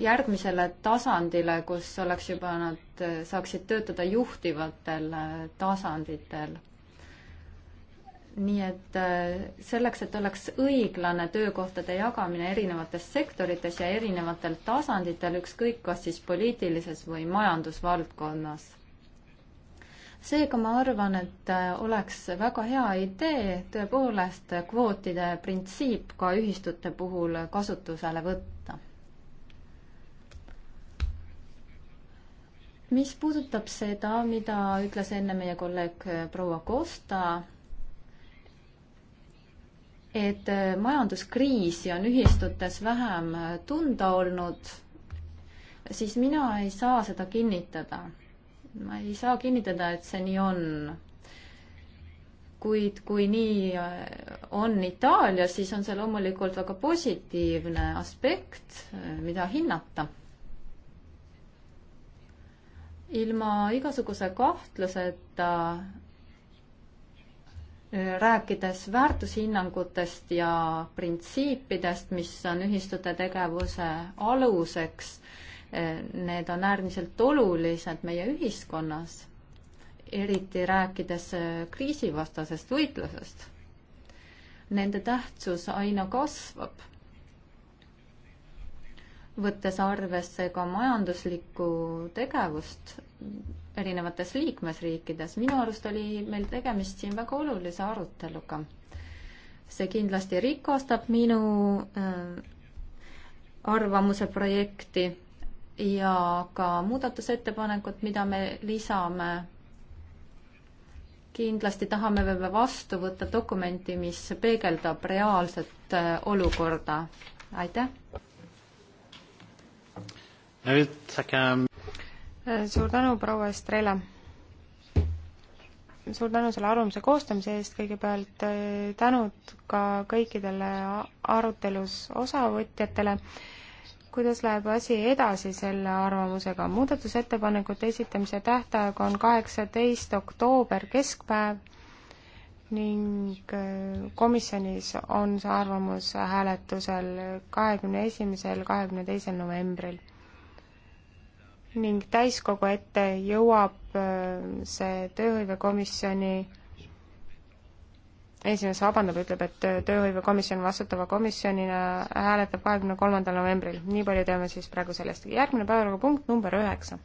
järgmisele tasandile, kus oleks juba, nad saaksid töötada juhtivatel tasanditel. nii et äh, selleks, et oleks õiglane töökohtade jagamine erinevates sektorites ja erinevatel tasanditel, ükskõik kas siis poliitilises või majandusvaldkonnas seega ma arvan, et äh, oleks väga hea idee tõepoolest kvootide printsiip ka ühistute puhul kasutusele võtta. mis puudutab seda, mida ütles enne meie kolleeg äh, proua Costa, et äh, majanduskriisi on ühistutes vähem tunda olnud, siis mina ei saa seda kinnitada ma ei saa kinnitada, et see nii on. kuid kui nii äh, on Itaalias, siis on see loomulikult väga positiivne aspekt, äh, mida hinnata. ilma igasuguse kahtluseta äh, rääkides väärtushinnangutest ja printsiipidest, mis on ühistute tegevuse aluseks, Need on äärmiselt olulised meie ühiskonnas, eriti rääkides äh, kriisivastasest võitlusest. Nende tähtsus aina kasvab, võttes arvesse ka majanduslikku tegevust erinevates liikmesriikides. minu arust oli meil tegemist siin väga olulise aruteluga. see kindlasti rikastab minu äh, arvamuse projekti ja ka muudatusettepanekud, mida me lisame. kindlasti tahame me vastu võtta dokumenti, mis peegeldab reaalset äh, olukorda. aitäh! Äh, suur tänu, proua Estrela! suur tänu selle arvamuse koostamise eest, kõigepealt äh, tänud ka kõikidele arutelus osavõtjatele kuidas läheb asi edasi selle arvamusega. muudatusettepanekute esitamise tähtaeg on kaheksateist oktoober keskpäev ning äh, komisjonis on see arvamus hääletusel kahekümne esimesel, kahekümne teisel novembril. ning täiskogu ette jõuab äh, see tööhõivekomisjoni esimees vabandab, ütleb, et tööhõivekomisjon vastutava komisjonina hääletab kahekümne kolmandal novembril. nii palju teame siis praegu sellest. järgmine päevakorrapunkt number üheksa.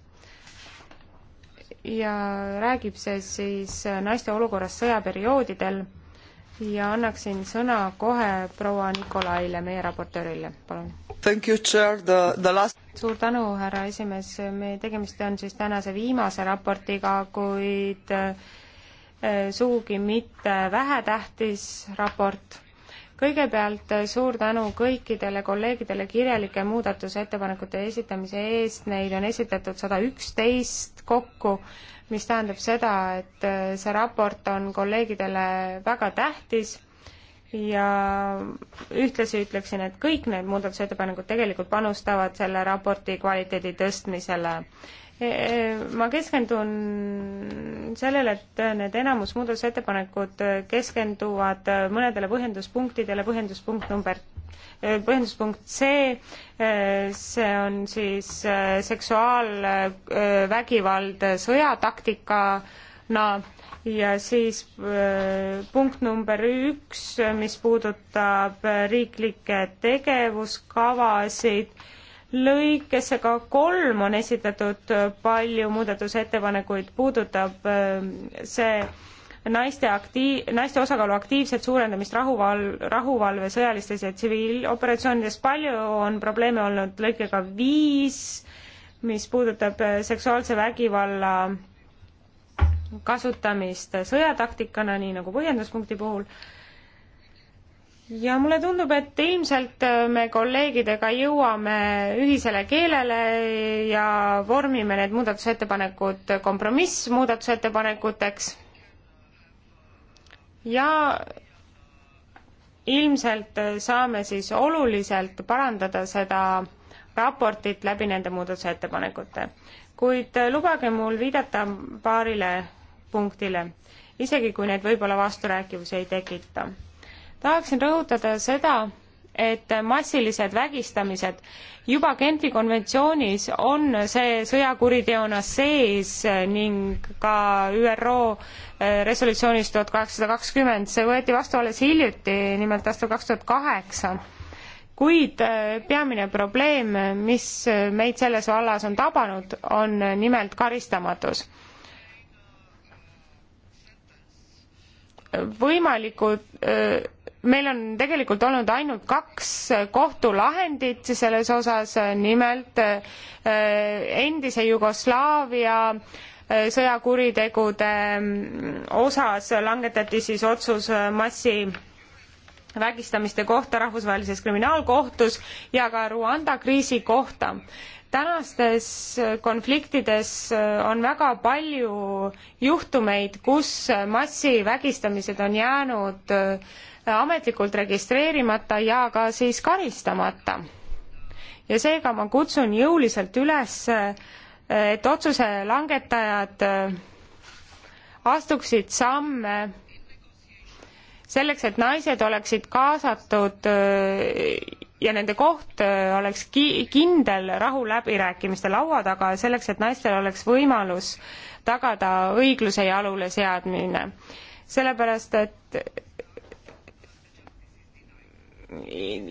ja räägib see siis äh, naiste olukorrast sõjaperioodidel ja annaksin sõna kohe proua Nikolaile, meie raportöörile, palun. Last... suur tänu, härra esimees, meie tegemist on siis tänase viimase raportiga, kuid äh, Eh, sugugi mitte vähetähtis raport. kõigepealt eh, suur tänu kõikidele kolleegidele kirjalike muudatusettepanekute esitamise eest, neid on esitatud sada üksteist kokku, mis tähendab seda, et eh, see raport on kolleegidele väga tähtis ja ühtlasi ütleksin, et kõik need muudatusettepanekud tegelikult panustavad selle raporti kvaliteedi tõstmisele E, e, ma keskendun sellele, et need enamus muudatusettepanekud keskenduvad mõnedele põhjenduspunktidele, põhjenduspunkt number, e, põhjenduspunkt C, see on siis seksuaalvägivald sõjataktikana ja siis punkt number üks, mis puudutab riiklikke tegevuskavasid lõikesega kolm on esitatud palju muudatusettepanekuid, puudutab äh, see naiste aktiiv, naiste osakaalu aktiivset suurendamist rahuval-, rahuvalve sõjalistes ja tsiviiloperatsioonides. palju on probleeme olnud lõikega viis, mis puudutab äh, seksuaalse vägivalla kasutamist sõjataktikana, nii nagu põhjenduspunkti puhul ja mulle tundub, et ilmselt äh, me kolleegidega jõuame ühisele keelele ja vormime need muudatusettepanekud kompromissmuudatusettepanekuteks. ja ilmselt äh, saame siis oluliselt parandada seda raportit läbi nende muudatusettepanekute. kuid äh, lubage mul viidata paarile punktile, isegi kui need võib-olla vasturääkivusi ei tekita tahaksin rõhutada seda, et massilised vägistamised juba Genfi konventsioonis on see sõjakuriteona sees ning ka ÜRO äh, resolutsioonis tuhat kaheksasada kakskümmend, see võeti vastu alles hiljuti, nimelt aastal kaks tuhat kaheksa. kuid äh, peamine probleem, mis meid selles vallas on tabanud, on nimelt karistamatus võimalikud öö, äh, meil on tegelikult olnud ainult kaks kohtulahendit selles osas, nimelt äh, endise Jugoslaavia äh, sõjakuritegude mm, osas langetati siis otsus äh, massi vägistamiste kohta Rahvusvahelises Kriminaalkohtus ja ka Rwanda kriisi kohta tänastes konfliktides on väga palju juhtumeid, kus massivägistamised on jäänud ametlikult registreerimata ja ka siis karistamata. ja seega ma kutsun jõuliselt üles, et otsuse langetajad äh, astuksid samme selleks, et naised oleksid kaasatud äh, ja nende koht äh, oleks ki-, kindel rahuläbirääkimiste laua taga, selleks et naistel oleks võimalus tagada õigluse jalule seadmine. sellepärast, et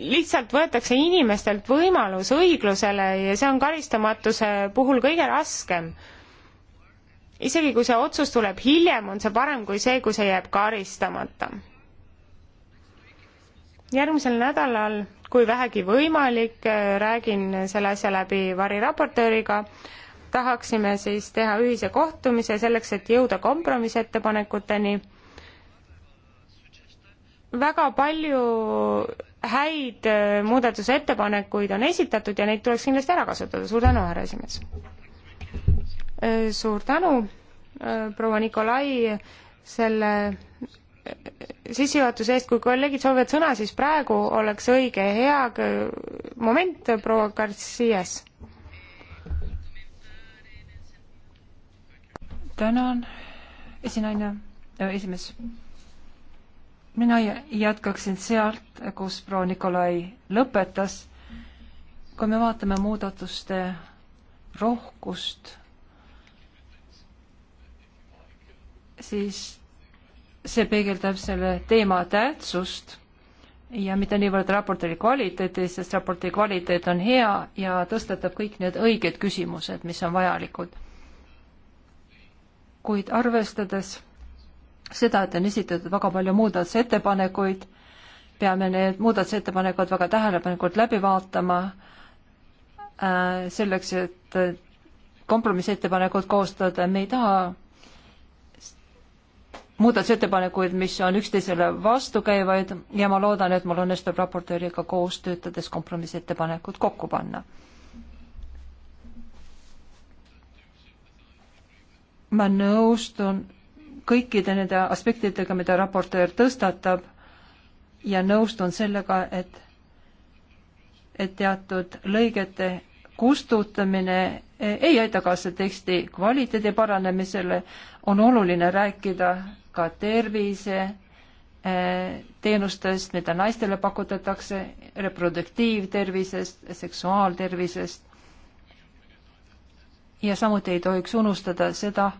lihtsalt võetakse inimestelt võimalus õiglusele ja see on karistamatuse puhul kõige raskem. isegi kui see otsus tuleb hiljem, on see parem kui see, kui see jääb karistamata. järgmisel nädalal, kui vähegi võimalik, räägin selle asja läbi variraportööriga tahaksime siis teha ühise kohtumise selleks, et jõuda kompromissettepanekuteni väga palju häid äh, muudatusettepanekuid on esitatud ja neid tuleks kindlasti ära kasutada. suur tänu, härra esimees! Äh, suur tänu, äh, proua Nikolai, selle sissejuhatuse eest, kui kolleegid soovivad sõna, siis praegu oleks õige ja hea moment, proua Garcias. tänan, esinaine, esimees mina jätkaksin sealt, kus proua Nikolai lõpetas. kui me vaatame muudatuste rohkust, siis see peegeldab selle teema tähtsust ja mitte niivõrd raporti kvaliteeti, sest raporti kvaliteet on hea ja tõstatab kõik need õiged küsimused, mis on vajalikud. kuid arvestades seda, et on esitatud väga palju muudatusettepanekuid, peame need muudatusettepanekud väga tähelepanelikult läbi vaatama äh,, selleks, et kompromissettepanekud koostada, me ei taha muudatusettepanekuid, mis on üksteisele vastukäivaid ja ma loodan, et mul õnnestub raportööriga koos töötades kompromissettepanekud kokku panna. ma nõustun kõikide nende aspektidega, mida raportöör tõstatab ja nõustun sellega, et, et teatud lõigete kustutamine ei aita kaasa teksti kvaliteedi paranemisele, on oluline rääkida ka tervise eh, teenustest, mida naistele pakutatakse, reproduktiivtervisest, seksuaaltervisest. ja samuti ei tohiks unustada seda,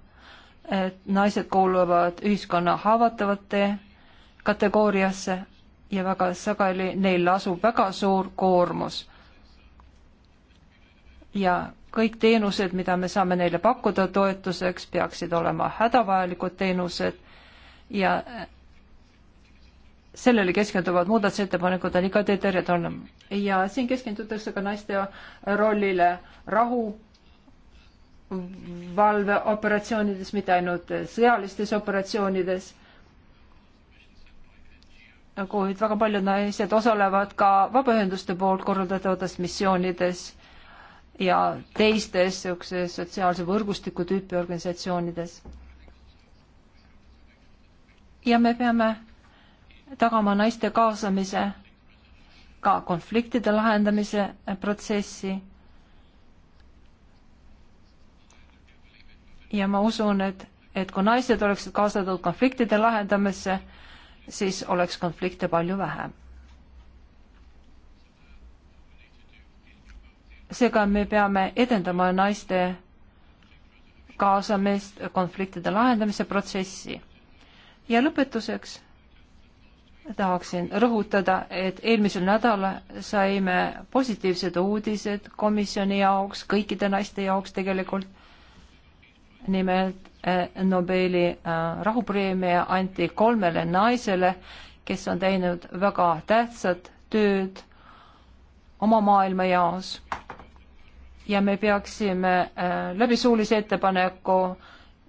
et naised kuuluvad ühiskonna haavatavate kategooriasse ja väga sageli neil lasub väga suur koormus. ja kõik teenused, mida me saame neile pakkuda toetuseks, peaksid olema hädavajalikud teenused ja sellele keskenduvad muudatusettepanekud on igati teretulnud. ja siin keskendutakse ka naiste rollile rahu valveoperatsioonides, mitte ainult sõjalistes operatsioonides, kuid väga paljud naised osalevad ka vabaühenduste poolt korraldatavates missioonides ja teistes niisuguse sotsiaalse võrgustiku tüüpi organisatsioonides. ja me peame tagama naiste kaasamise ka konfliktide lahendamise protsessi ja ma usun, et, et kui naised oleksid kaasatud konfliktide lahendamisse, siis oleks konflikte palju vähem. seega me peame edendama naiste kaasamist konfliktide lahendamise protsessi. ja lõpetuseks tahaksin rõhutada, et eelmisel nädalal saime positiivsed uudised komisjoni jaoks, kõikide naiste jaoks tegelikult nimelt eh, Nobeli eh, rahupreemia anti kolmele naisele, kes on teinud väga tähtsat tööd oma maailma jaos. ja me peaksime eh, läbi suulise ettepaneku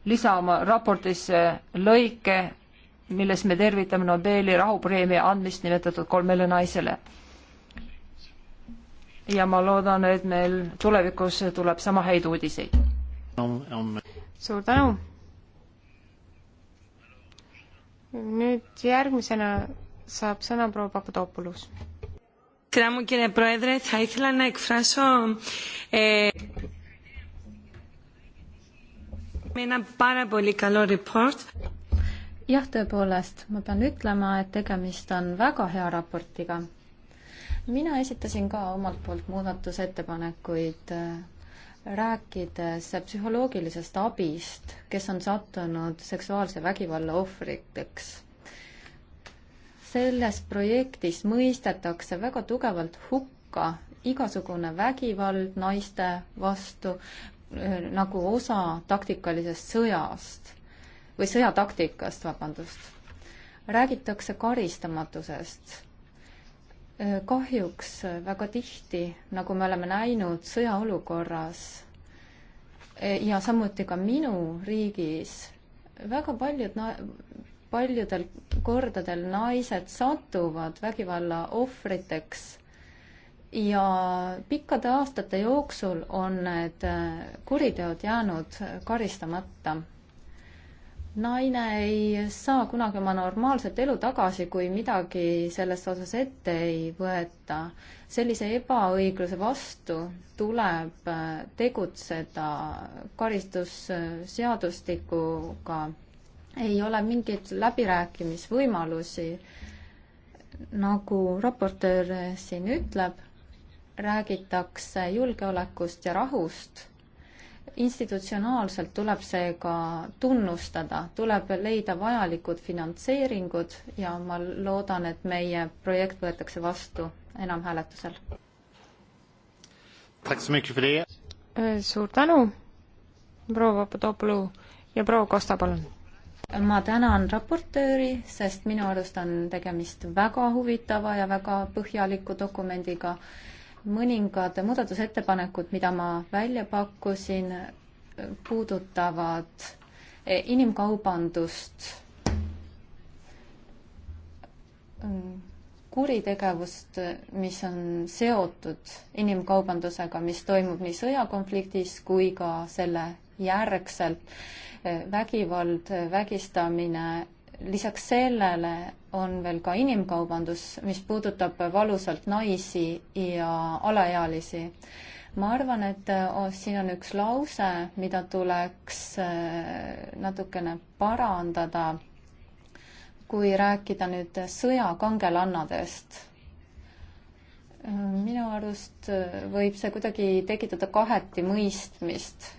lisama raportisse lõike, milles me tervitame Nobeli rahupreemia andmist nimetatud kolmele naisele. ja ma loodan, et meil tulevikus tuleb sama häid uudiseid on, on suur tänu! nüüd järgmisena saab sõna proua Papadopoulos. Eh, jah, tõepoolest, ma pean ütlema, et tegemist on väga hea raportiga. mina esitasin ka omalt poolt muudatusettepanekuid eh, rääkides psühholoogilisest abist, kes on sattunud seksuaalse vägivalla ohvriteks. selles projektis mõistetakse väga tugevalt hukka igasugune vägivald naiste vastu äh, nagu osa taktikalisest sõjast või sõjataktikast, vabandust. räägitakse karistamatusest kahjuks väga tihti, nagu me oleme näinud sõjaolukorras ja samuti ka minu riigis, väga paljud na-, paljudel kordadel naised satuvad vägivalla ohvriteks ja pikkade aastate jooksul on need kuriteod jäänud karistamata naine ei saa kunagi oma normaalset elu tagasi, kui midagi selles osas ette ei võeta. sellise ebaõigluse vastu tuleb äh, tegutseda karistusseadustikuga. ei ole mingeid läbirääkimisvõimalusi. nagu raportöör siin ütleb, räägitakse julgeolekust ja rahust institutsionaalselt tuleb seega tunnustada, tuleb leida vajalikud finantseeringud ja ma loodan, et meie projekt võetakse vastu enamhääletusel. Äh, suur tänu, proua Papadopoulou ja proua Kosta, palun! ma tänan raportööri, sest minu arust on tegemist väga huvitava ja väga põhjaliku dokumendiga mõningad muudatusettepanekud, mida ma välja pakkusin, puudutavad eh, inimkaubandust, mm, kuritegevust, mis on seotud inimkaubandusega, mis toimub nii sõjakonfliktis kui ka selle järgselt, eh, vägivald, vägistamine lisaks sellele on veel ka inimkaubandus, mis puudutab valusalt naisi ja alaealisi. ma arvan, et oh, siin on üks lause, mida tuleks eh, natukene parandada, kui rääkida nüüd sõjakangelannadest eh, minu arust eh, võib see kuidagi tekitada kaheti mõistmist.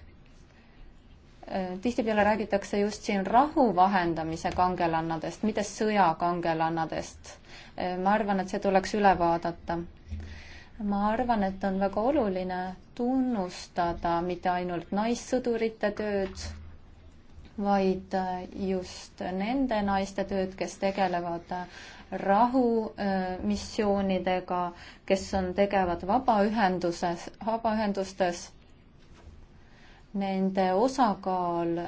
Äh, tihtipeale räägitakse just siin rahu vahendamise kangelannadest, mitte sõja kangelannadest. Äh, ma arvan, et see tuleks üle vaadata. ma arvan, et on väga oluline tunnustada mitte ainult naissõdurite tööd, vaid äh, just nende naiste tööd, kes tegelevad rahumissioonidega, kes on tegevad vabaühenduses, vabaühendustes nende osakaal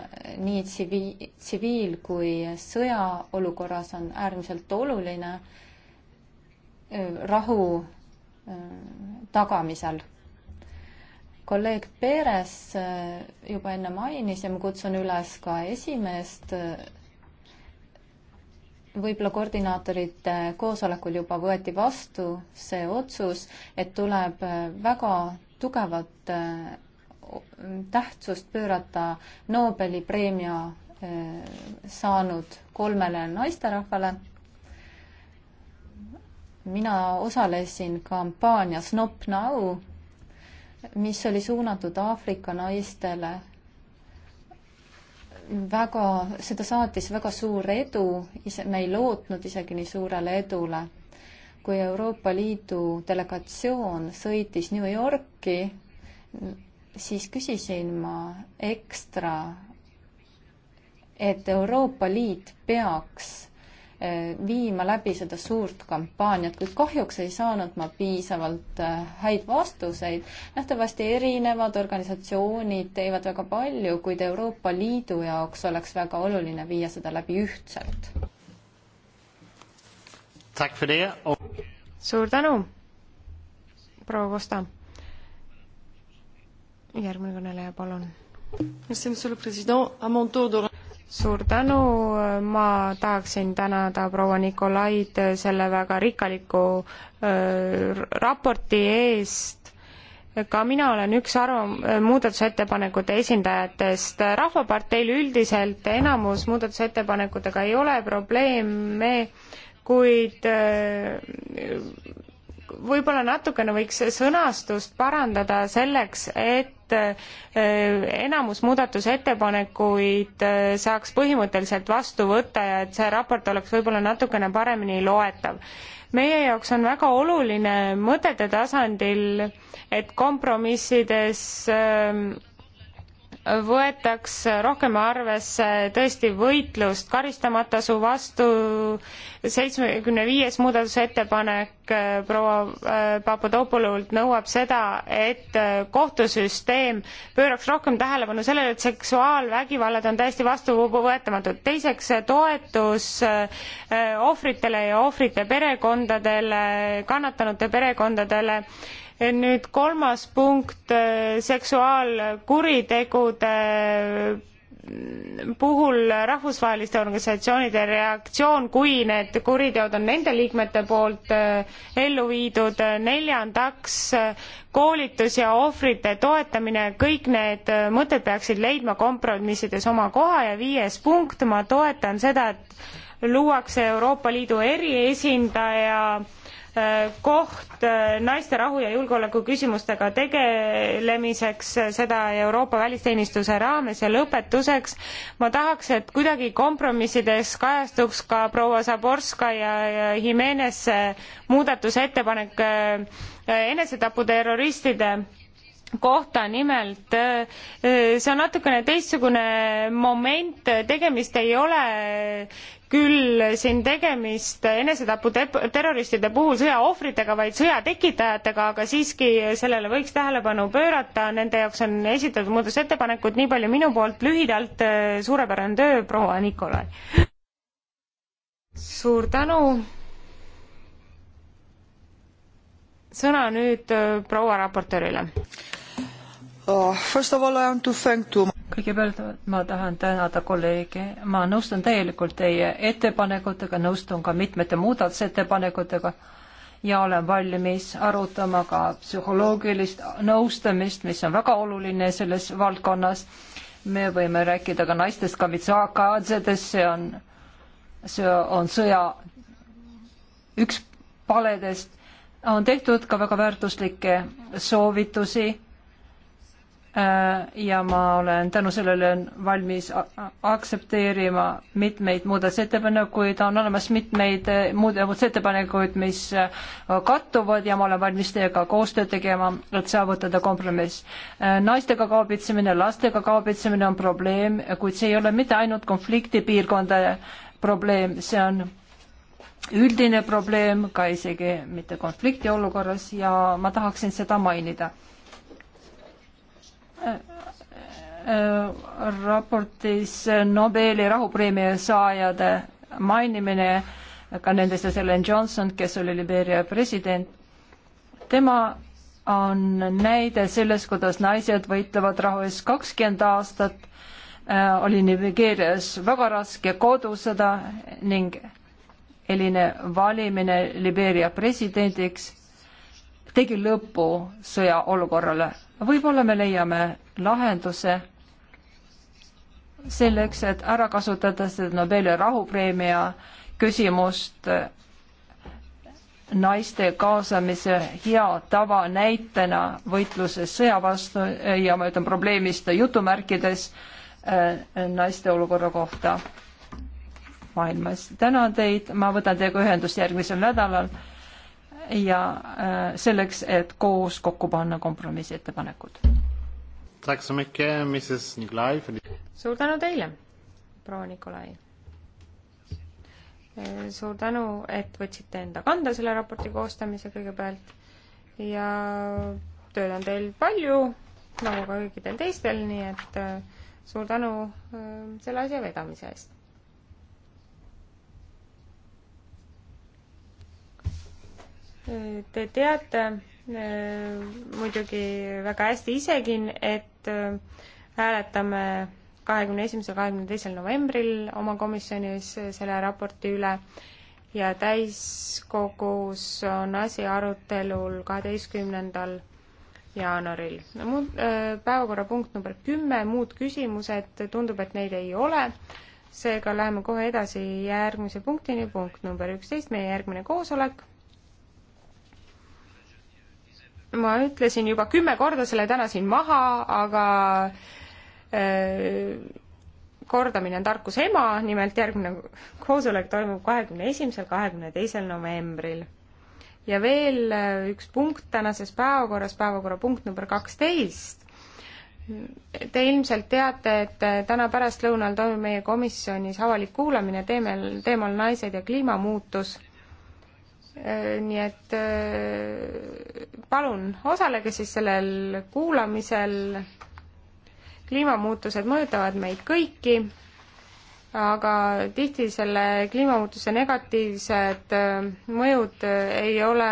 nii tsiviil, tsiviil kui sõjaolukorras on äärmiselt oluline äh, rahu äh, tagamisel. kolleeg Peeres äh, juba enne mainis ja ma kutsun üles ka esimeest võib-olla koordinaatorite koosolekul juba võeti vastu see otsus, et tuleb väga tugevat tähtsust pöörata Nobeli preemia eh, saanud kolmele naisterahvale. mina osalesin kampaanias Nop Now, mis oli suunatud Aafrika naistele. väga, seda saatis väga suur edu, ise, me ei lootnud isegi nii suurele edule. kui Euroopa Liidu delegatsioon sõitis New Yorki siis küsisin ma ekstra, et Euroopa Liit peaks eh, viima läbi seda suurt kampaaniat, kuid kahjuks ei saanud ma piisavalt eh, häid vastuseid. nähtavasti erinevad organisatsioonid teevad väga palju, kuid Euroopa Liidu jaoks oleks väga oluline viia seda läbi ühtselt. suur tänu, proua Kosta järgmine kõneleja, palun. suur tänu, ma tahaksin tänada proua Nikolaid selle väga rikkaliku äh, raporti eest ka mina olen üks arvam-, muudatusettepanekute esindajatest. rahvaparteil üldiselt enamus muudatusettepanekutega ei ole probleeme, kuid võib-olla natukene võiks sõnastust parandada selleks, et eh, enamus muudatusettepanekuid eh, saaks põhimõtteliselt vastu võtta ja et see raport oleks võib-olla natukene paremini loetav. meie jaoks on väga oluline mõtete tasandil, et kompromissides äh, võetaks rohkem arvesse tõesti võitlust karistamatasu vastu, seitsmekümne viies muudatusettepanek äh, proua äh, Papadopoulult nõuab seda, et äh, kohtusüsteem pööraks rohkem tähelepanu sellele, et seksuaalvägivallad on täiesti vastuvõetamatud. teiseks, toetus ohvritele ja ohvrite perekondadele, kannatanute perekondadele nüüd kolmas punkt, äh, seksuaalkuritegude mm, puhul rahvusvaheliste organisatsioonide reaktsioon, kui need kuriteod on nende liikmete poolt äh, ellu viidud, neljandaks koolitus ja ohvrite toetamine, kõik need äh, mõtted peaksid leidma kompromissides oma koha ja viies punkt, ma toetan seda, et luuakse Euroopa Liidu eriesindaja Äh, koht äh, naiste rahu ja julgeoleku küsimustega tegelemiseks, äh, seda Euroopa välisteenistuse raames ja lõpetuseks ma tahaks, et kuidagi kompromissides kajastuks ka proua Zaborska ja, ja Jimenez muudatusettepanek enesetaputerroristide kohta nimelt. Äh, see on natukene teistsugune moment, tegemist ei ole küll siin tegemist enesetaputerroristide puhul sõjaohvritega, vaid sõja tekitajatega, aga siiski sellele võiks tähelepanu pöörata, nende jaoks on esitatud muudatusettepanekud, nii palju minu poolt lühidalt, äh, suurepärane töö, proua Nikolai. suur tänu. sõna nüüd äh, proua raportöörile Oh, kõigepealt ma tahan tänada kolleege, ma nõustun täielikult teie ettepanekutega, nõustun ka mitmete muudatusettepanekutega ja olen valmis arutama ka psühholoogilist nõustamist, mis on väga oluline selles valdkonnas. me võime rääkida ka naistest, kamitsakadžedest, see on, see on sõja üks paledest, on tehtud ka väga väärtuslikke soovitusi Äh, ja ma olen tänu sellele valmis aktsepteerima mitmeid muudatusettepanekuid, on olemas mitmeid muud äh, muudatusettepanekuid, mis äh, kattuvad ja ma olen valmis teiega koostööd tegema, et saavutada kompromiss. naistega kaubitsemine, lastega kaubitsemine on probleem, kuid see ei ole mitte ainult konfliktipiirkondade probleem, see on üldine probleem ka isegi mitte konfliktiolukorras ja ma tahaksin seda mainida raportis Nobeli rahupreemia saajade mainimine, ka nendest Ellen Johnson, kes oli Liberia president, tema on näide sellest, kuidas naised võitlevad rahu eest kakskümmend aastat äh,, oli Nigeerias väga raske kodusõda ning selline valimine Liberia presidendiks tegi lõpu sõjaolukorrale võib-olla me leiame lahenduse selleks, et ära kasutada seda Nobeli rahupreemia küsimust äh, naiste kaasamise hea tava näitena võitluses sõja vastu äh, ja ma ütlen probleemist jutumärkides äh, naiste olukorra kohta maailmas. tänan teid, ma võtan teiega ühendust järgmisel nädalal ja äh, selleks, et koos kokku panna kompromissettepanekud. suur tänu teile, proua Nikolai. suur tänu, et võtsite enda kanda selle raporti koostamise kõigepealt ja tööd on teil palju, nagu ka kõikidel teistel, nii et äh, suur tänu äh, selle asja vedamise eest. Te teate äh, muidugi väga hästi isegi, et äh, hääletame kahekümne esimesel, kahekümne teisel novembril oma komisjonis selle raporti üle ja täiskogus on asi arutelul kaheteistkümnendal jaanuaril. muud, äh, päevakorrapunkt number kümme, muud küsimused, tundub, et neid ei ole, seega läheme kohe edasi järgmise punktini, punkt number üksteist, meie järgmine koosolek ma ütlesin juba kümme korda selle täna siin maha, aga äh, kordamine on tarkuse ema, nimelt järgmine koosolek toimub kahekümne esimesel, kahekümne teisel novembril. ja veel äh, üks punkt tänases päevakorras, päevakorrapunkt number kaksteist. Te ilmselt teate, et äh, täna pärastlõunal toimub meie komisjonis avalik kuulamine teemal, teemal Naised ja kliimamuutus Äh, nii et äh, palun osalege siis sellel kuulamisel. kliimamuutused mõjutavad meid kõiki, aga tihti selle kliimamuutuse negatiivsed äh, mõjud ei ole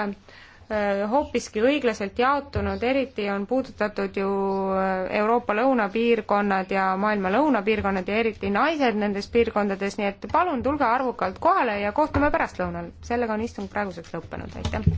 Äh, hoopiski õiglaselt jaotunud, eriti on puudutatud ju äh, Euroopa lõunapiirkonnad ja maailma lõunapiirkonnad ja eriti naised nendes piirkondades, nii et palun tulge arvukalt kohale ja kohtume pärastlõunal. sellega on istung praeguseks lõppenud, aitäh!